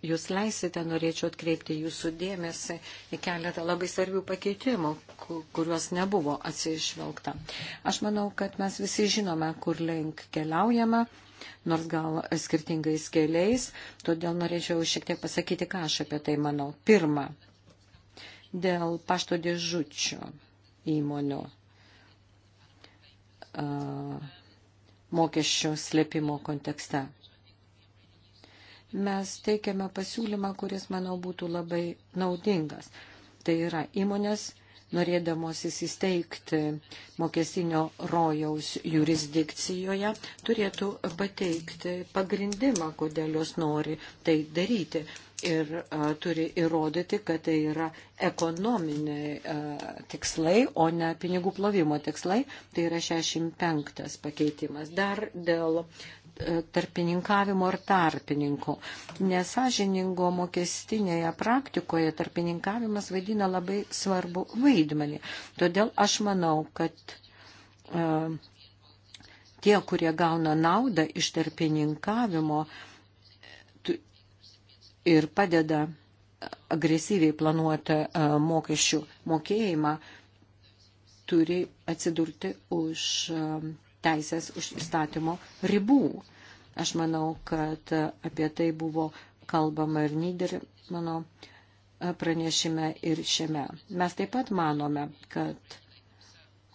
jūs leisite, norėčiau atkreipti jūsų dėmesį į keletą labai svarbių pakeitimų, kuriuos nebuvo atsižvelgta. Aš manau, kad mes visi žinome, kur link keliaujame, nors gal skirtingais keliais, todėl norėčiau šiek tiek pasakyti, ką aš apie tai manau. Pirma, dėl pašto dėžučių įmonių mokesčių slėpimo kontekste mes teikiame pasiūlymą, kuris, manau, būtų labai naudingas. Tai yra įmonės, norėdamos įsisteigti mokestinio rojaus jurisdikcijoje, turėtų pateikti pagrindimą, kodėl jos nori tai daryti ir a, turi įrodyti, kad tai yra ekonominiai a, tikslai, o ne pinigų plovimo tikslai. Tai yra 65 pakeitimas. Dar dėl tarpininkavimo ir tarpininkų. Nesažiningo mokestinėje praktikoje tarpininkavimas vaidina labai svarbu vaidmenį. Todėl aš manau, kad e, tie, kurie gauna naudą iš tarpininkavimo ir padeda agresyviai planuoti e, mokesčių mokėjimą, turi atsidurti už e, teisės už įstatymo ribų. Aš manau, kad apie tai buvo kalbama ir Nider, mano e, pranešime ir šiame. Mes taip pat manome, kad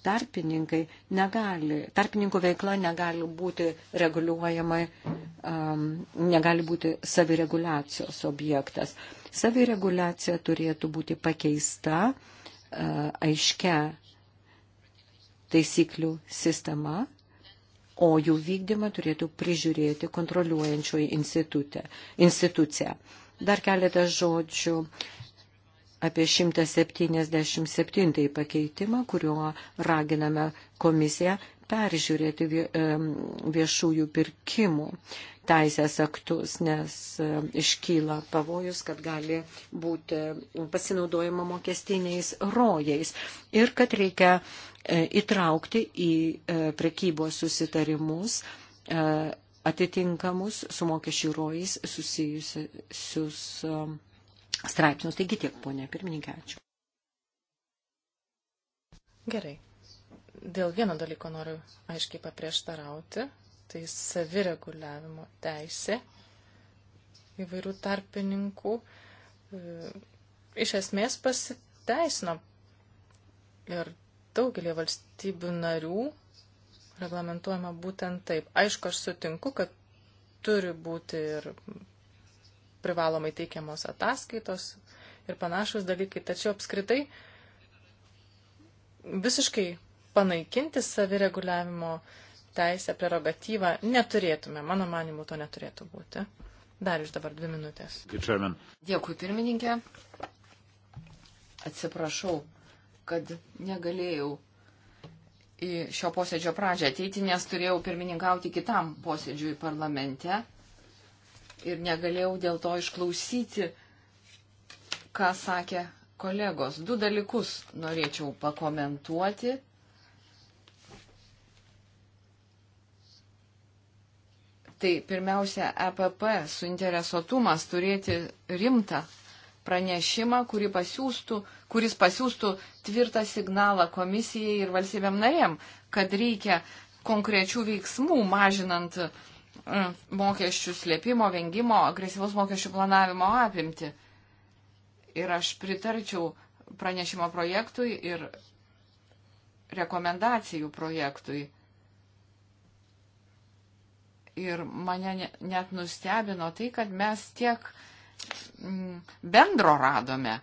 tarpininkai negali, tarpininkų veikla negali būti reguliuojama, um, negali būti savireguliacijos objektas. Savireguliacija turėtų būti pakeista uh, aiškia taisyklių sistema, o jų vykdymą turėtų prižiūrėti kontroliuojančioji institucija. Dar keletą žodžių apie 177 pakeitimą, kuriuo raginame komisiją peržiūrėti viešųjų pirkimų teisės aktus, nes iškyla pavojus, kad gali būti pasinaudojama mokestiniais rojais ir kad reikia E, įtraukti į e, prekybos susitarimus e, atitinkamus su mokesčių rojais susijusius straipsnius. Taigi tiek, ponė pirmininkė, ačiū. Gerai. Dėl vieno dalyko noriu aiškiai paprieštarauti. Tai savireguliavimo teisė įvairių tarpininkų iš esmės pasiteisino. Ir daugelį valstybių narių reglamentuojama būtent taip. Aišku, aš sutinku, kad turi būti ir privalomai teikiamos ataskaitos ir panašus dalykai, tačiau apskritai visiškai panaikinti savireguliavimo teisę, prerogatyvą neturėtume. Mano manimu, to neturėtų būti. Dar iš dabar dvi minutės. Dėkui, pirmininkė. Atsiprašau, kad negalėjau į šio posėdžio pradžią ateiti, nes turėjau pirmininkauti kitam posėdžiui parlamente ir negalėjau dėl to išklausyti, ką sakė kolegos. Du dalykus norėčiau pakomentuoti. Tai pirmiausia, EPP suinteresuotumas turėti rimtą pranešimą, pasiūstų, kuris pasiūstų tvirtą signalą komisijai ir valstybėm narėm, kad reikia konkrečių veiksmų mažinant mm, mokesčių slėpimo, vengimo, agresyvus mokesčių planavimo apimti. Ir aš pritarčiau pranešimo projektui ir rekomendacijų projektui. Ir mane net nustebino tai, kad mes tiek uh, Mm, bendro radome.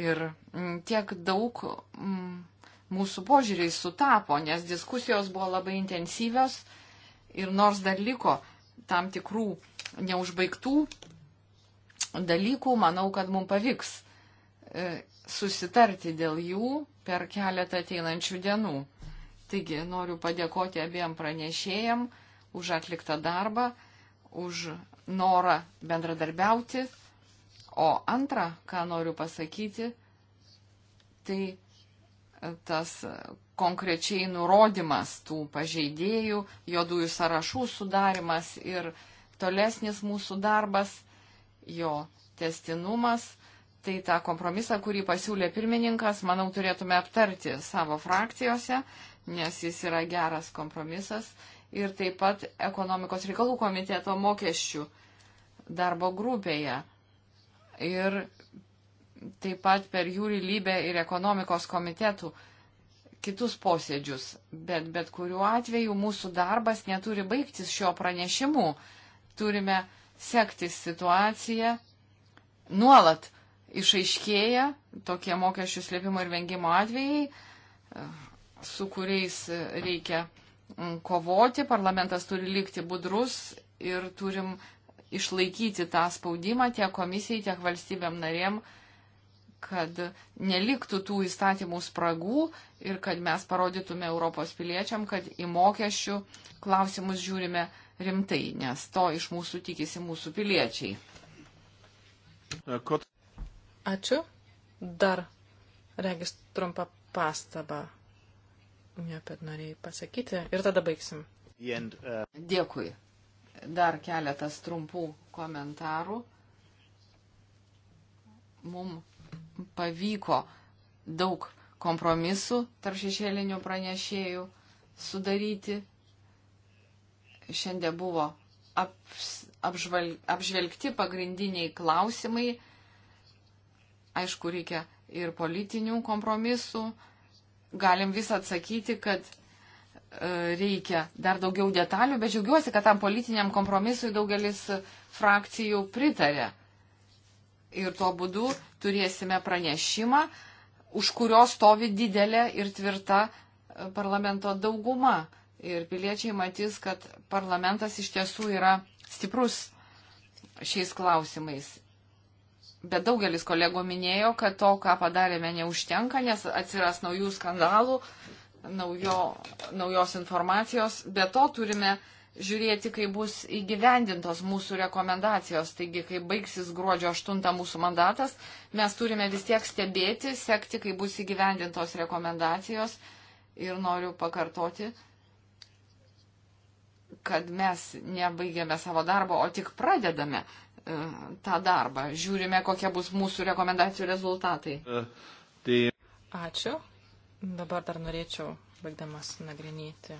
Ir mm, tiek daug mm, mūsų požiūriai sutapo, nes diskusijos buvo labai intensyvios ir nors dar liko tam tikrų neužbaigtų dalykų, manau, kad mums pavyks e, susitarti dėl jų per keletą ateinančių dienų. Taigi noriu padėkoti abiem pranešėjam už atliktą darbą, už norą bendradarbiauti. O antra, ką noriu pasakyti, tai tas konkrečiai nurodymas tų pažeidėjų, juodųjų sąrašų sudarimas ir tolesnis mūsų darbas, jo testinumas, tai tą kompromisą, kurį pasiūlė pirmininkas, manau, turėtume aptarti savo frakcijose, nes jis yra geras kompromisas ir taip pat ekonomikos reikalų komiteto mokesčių darbo grupėje. Ir taip pat per jūrį lybę ir ekonomikos komitetų kitus posėdžius. Bet bet kuriuo atveju mūsų darbas neturi baigtis šio pranešimu. Turime sekti situaciją. Nuolat išaiškėja tokie mokesčių slėpimo ir vengimo atvejai, su kuriais reikia Mm, kovoti, parlamentas turi likti budrus ir turim išlaikyti tą spaudimą tiek komisijai, tiek valstybėm narėm, kad neliktų tų įstatymų spragų ir kad mes parodytume Europos piliečiam, kad į mokesčių klausimus žiūrime rimtai, nes to iš mūsų tikisi mūsų piliečiai. Ačiū. Dar regis trumpą pastabą Ne, bet norėjai pasakyti ir tada baigsim. And, uh... Dėkui. Dar keletas trumpų komentarų. Mums pavyko daug kompromisų tarp šešėlinių pranešėjų sudaryti. Šiandien buvo aps, apžval, apžvelgti pagrindiniai klausimai. Aišku, reikia ir politinių kompromisų, galim visą atsakyti, kad e, reikia dar daugiau detalių, bet džiaugiuosi, kad tam politiniam kompromisui daugelis frakcijų pritarė. Ir tuo būdu turėsime pranešimą, už kurio stovi didelė ir tvirta e, parlamento dauguma. Ir piliečiai matys, kad parlamentas iš tiesų yra stiprus šiais klausimais. Bet daugelis kolegų minėjo, kad to, ką padarėme, neužtenka, nes atsiras naujų skandalų, naujo, naujos informacijos. Be to turime žiūrėti, kaip bus įgyvendintos mūsų rekomendacijos. Taigi, kai baigsis gruodžio 8 mūsų mandatas, mes turime vis tiek stebėti, sekti, kaip bus įgyvendintos rekomendacijos. Ir noriu pakartoti, kad mes nebaigėme savo darbo, o tik pradedame. E, tą darbą. Žiūrime, kokie bus mūsų rekomendacijų rezultatai. E, tai- Ačiū. Dabar dar norėčiau, baigdamas nagrinėti,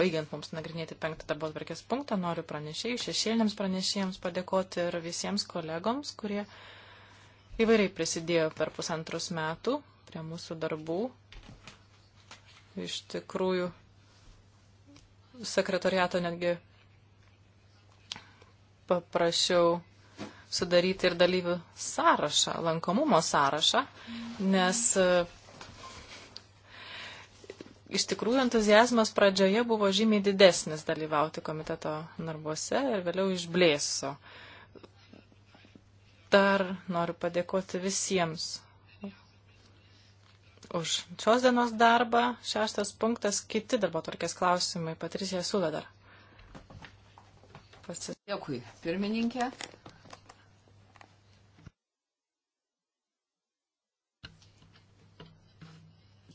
baigiant mums nagrinėti penktą darbo atvarkės punktą, noriu pranešėjų, šešėlėms pranešėjams padėkoti ir visiems kolegoms, kurie įvairiai prisidėjo per pusantrus metų prie mūsų darbų. Iš tikrųjų, sekretoriato netgi paprašiau sudaryti ir dalyvių sąrašą, lankomumo sąrašą, nes e, iš tikrųjų entuzijazmas pradžioje buvo žymiai didesnis dalyvauti komiteto narbuose ir vėliau išblėso. Dar noriu padėkoti visiems už šios dienos darbą. Šeštas punktas, kiti darbo tvarkės klausimai. Patricija Suvedar. Pasis... Dėkui, pirmininkė.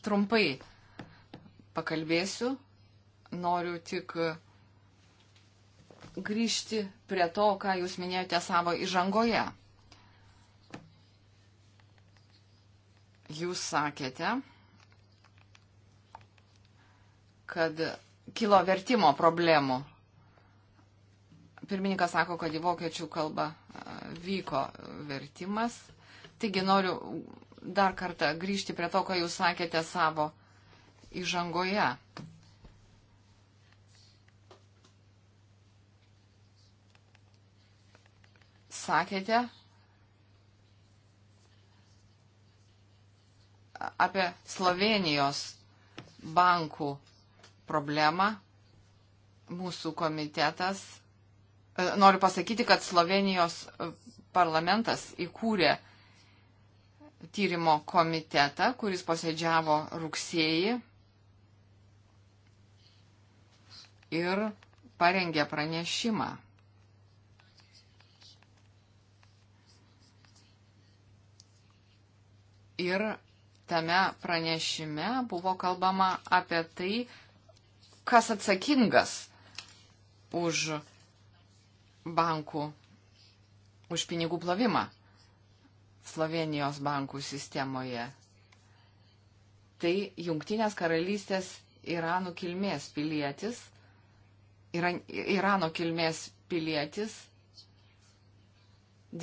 trumpai pakalbėsiu. Noriu tik grįžti prie to, ką jūs minėjote savo įžangoje. Jūs sakėte, kad kilo vertimo problemų. Pirmininkas sako, kad į vokiečių kalbą vyko vertimas. Taigi noriu dar kartą grįžti prie to, ką jūs sakėte savo įžangoje. Sakėte apie Slovenijos bankų problemą. Mūsų komitetas. E, noriu pasakyti, kad Slovenijos e, parlamentas įkūrė tyrimo komitetą, kuris posėdžiavo rugsėjį ir parengė pranešimą. Ir tame pranešime buvo kalbama apie tai, kas atsakingas už bankų, už pinigų plovimą. Slovenijos bankų sistemoje. Tai Jungtinės karalystės Irano kilmės pilietis, Iran, Irano kilmės pilietis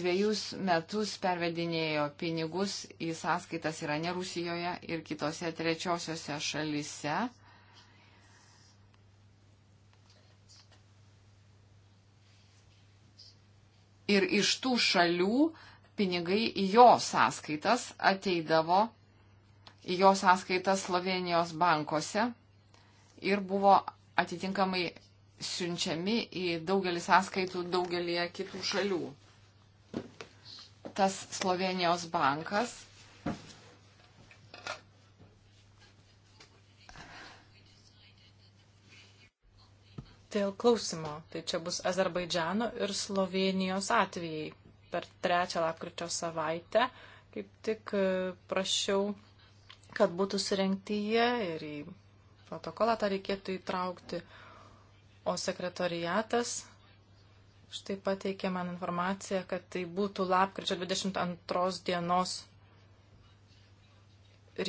dviejus metus pervedinėjo pinigus į sąskaitas Irane, Rusijoje ir kitose trečiosiose šalise. Ir iš tų šalių pinigai į jo sąskaitas ateidavo, į jo sąskaitas Slovenijos bankuose ir buvo atitinkamai siunčiami į daugelį sąskaitų daugelį kitų šalių. Tas Slovenijos bankas dėl klausimo. Tai čia bus Azerbaidžiano ir Slovenijos atvejai per trečią lapkričio savaitę. Kaip tik e, prašiau, kad būtų surinkti jie ir į protokolą tą reikėtų įtraukti. O sekretariatas štai pateikė man informaciją, kad tai būtų lapkričio 22 dienos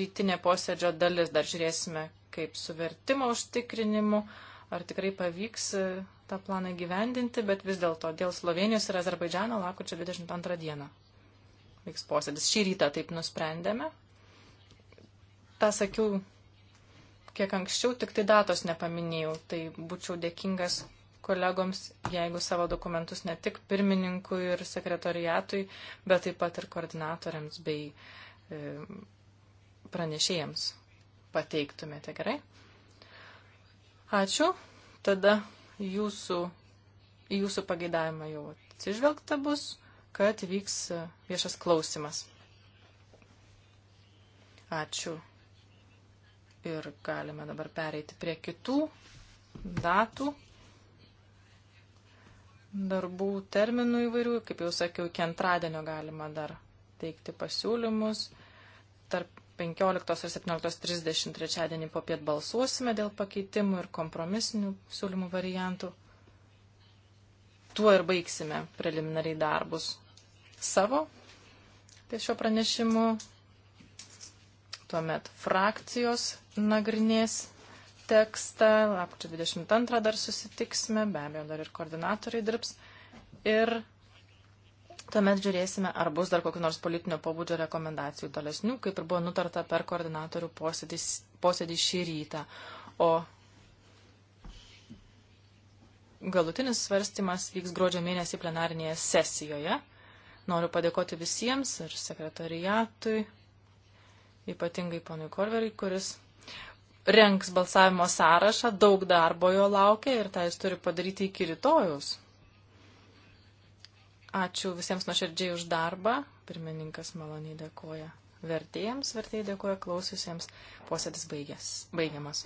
rytinė posėdžio dalis. Dar žiūrėsime, kaip su vertimo užtikrinimu, ar tikrai pavyks e, tą planą gyvendinti, bet vis dėlto dėl Slovenijos ir Azerbaidžiano lakučio 22 dieną vyks posėdis. Šį rytą taip nusprendėme. Ta sakiau kiek anksčiau, tik tai datos nepaminėjau, tai būčiau dėkingas kolegoms, jeigu savo dokumentus ne tik pirmininkui ir sekretoriatui, bet taip pat ir koordinatoriams bei e, pranešėjams pateiktumėte gerai. Ačiū. Tada jūsų, į jūsų pageidavimą jau atsižvelgta bus, kad vyks viešas klausimas. Ačiū. Ir galime dabar pereiti prie kitų datų, darbų terminų įvairių. Kaip jau sakiau, iki antradienio galima dar teikti pasiūlymus. Tarp 15 ir 17.30 trečiadienį po piet balsuosime dėl pakeitimų ir kompromisinių siūlymų variantų. Tuo ir baigsime preliminariai darbus savo ties šio pranešimu. Tuomet frakcijos nagrinės tekstą, lapkričio 22 dar susitiksime, be abejo dar ir koordinatoriai dirbs. Ir Tuomet žiūrėsime, ar bus dar kokiu nors politinio pobūdžio rekomendacijų tolesnių, kaip ir buvo nutarta per koordinatorių posėdį, posėdį šį rytą. O galutinis svarstymas vyks gruodžio mėnesį plenarinėje sesijoje. Noriu padėkoti visiems ir sekretariatui, ypatingai ponui Korveriui, kuris renks balsavimo sąrašą, daug darbo jo laukia ir tai jis turi padaryti iki rytojus. Ačiū visiems nuoširdžiai už darbą. Pirmininkas maloniai dėkoja vertėjams, vertėjai dėkoja klausiusiems. Posėdis baigės, baigiamas.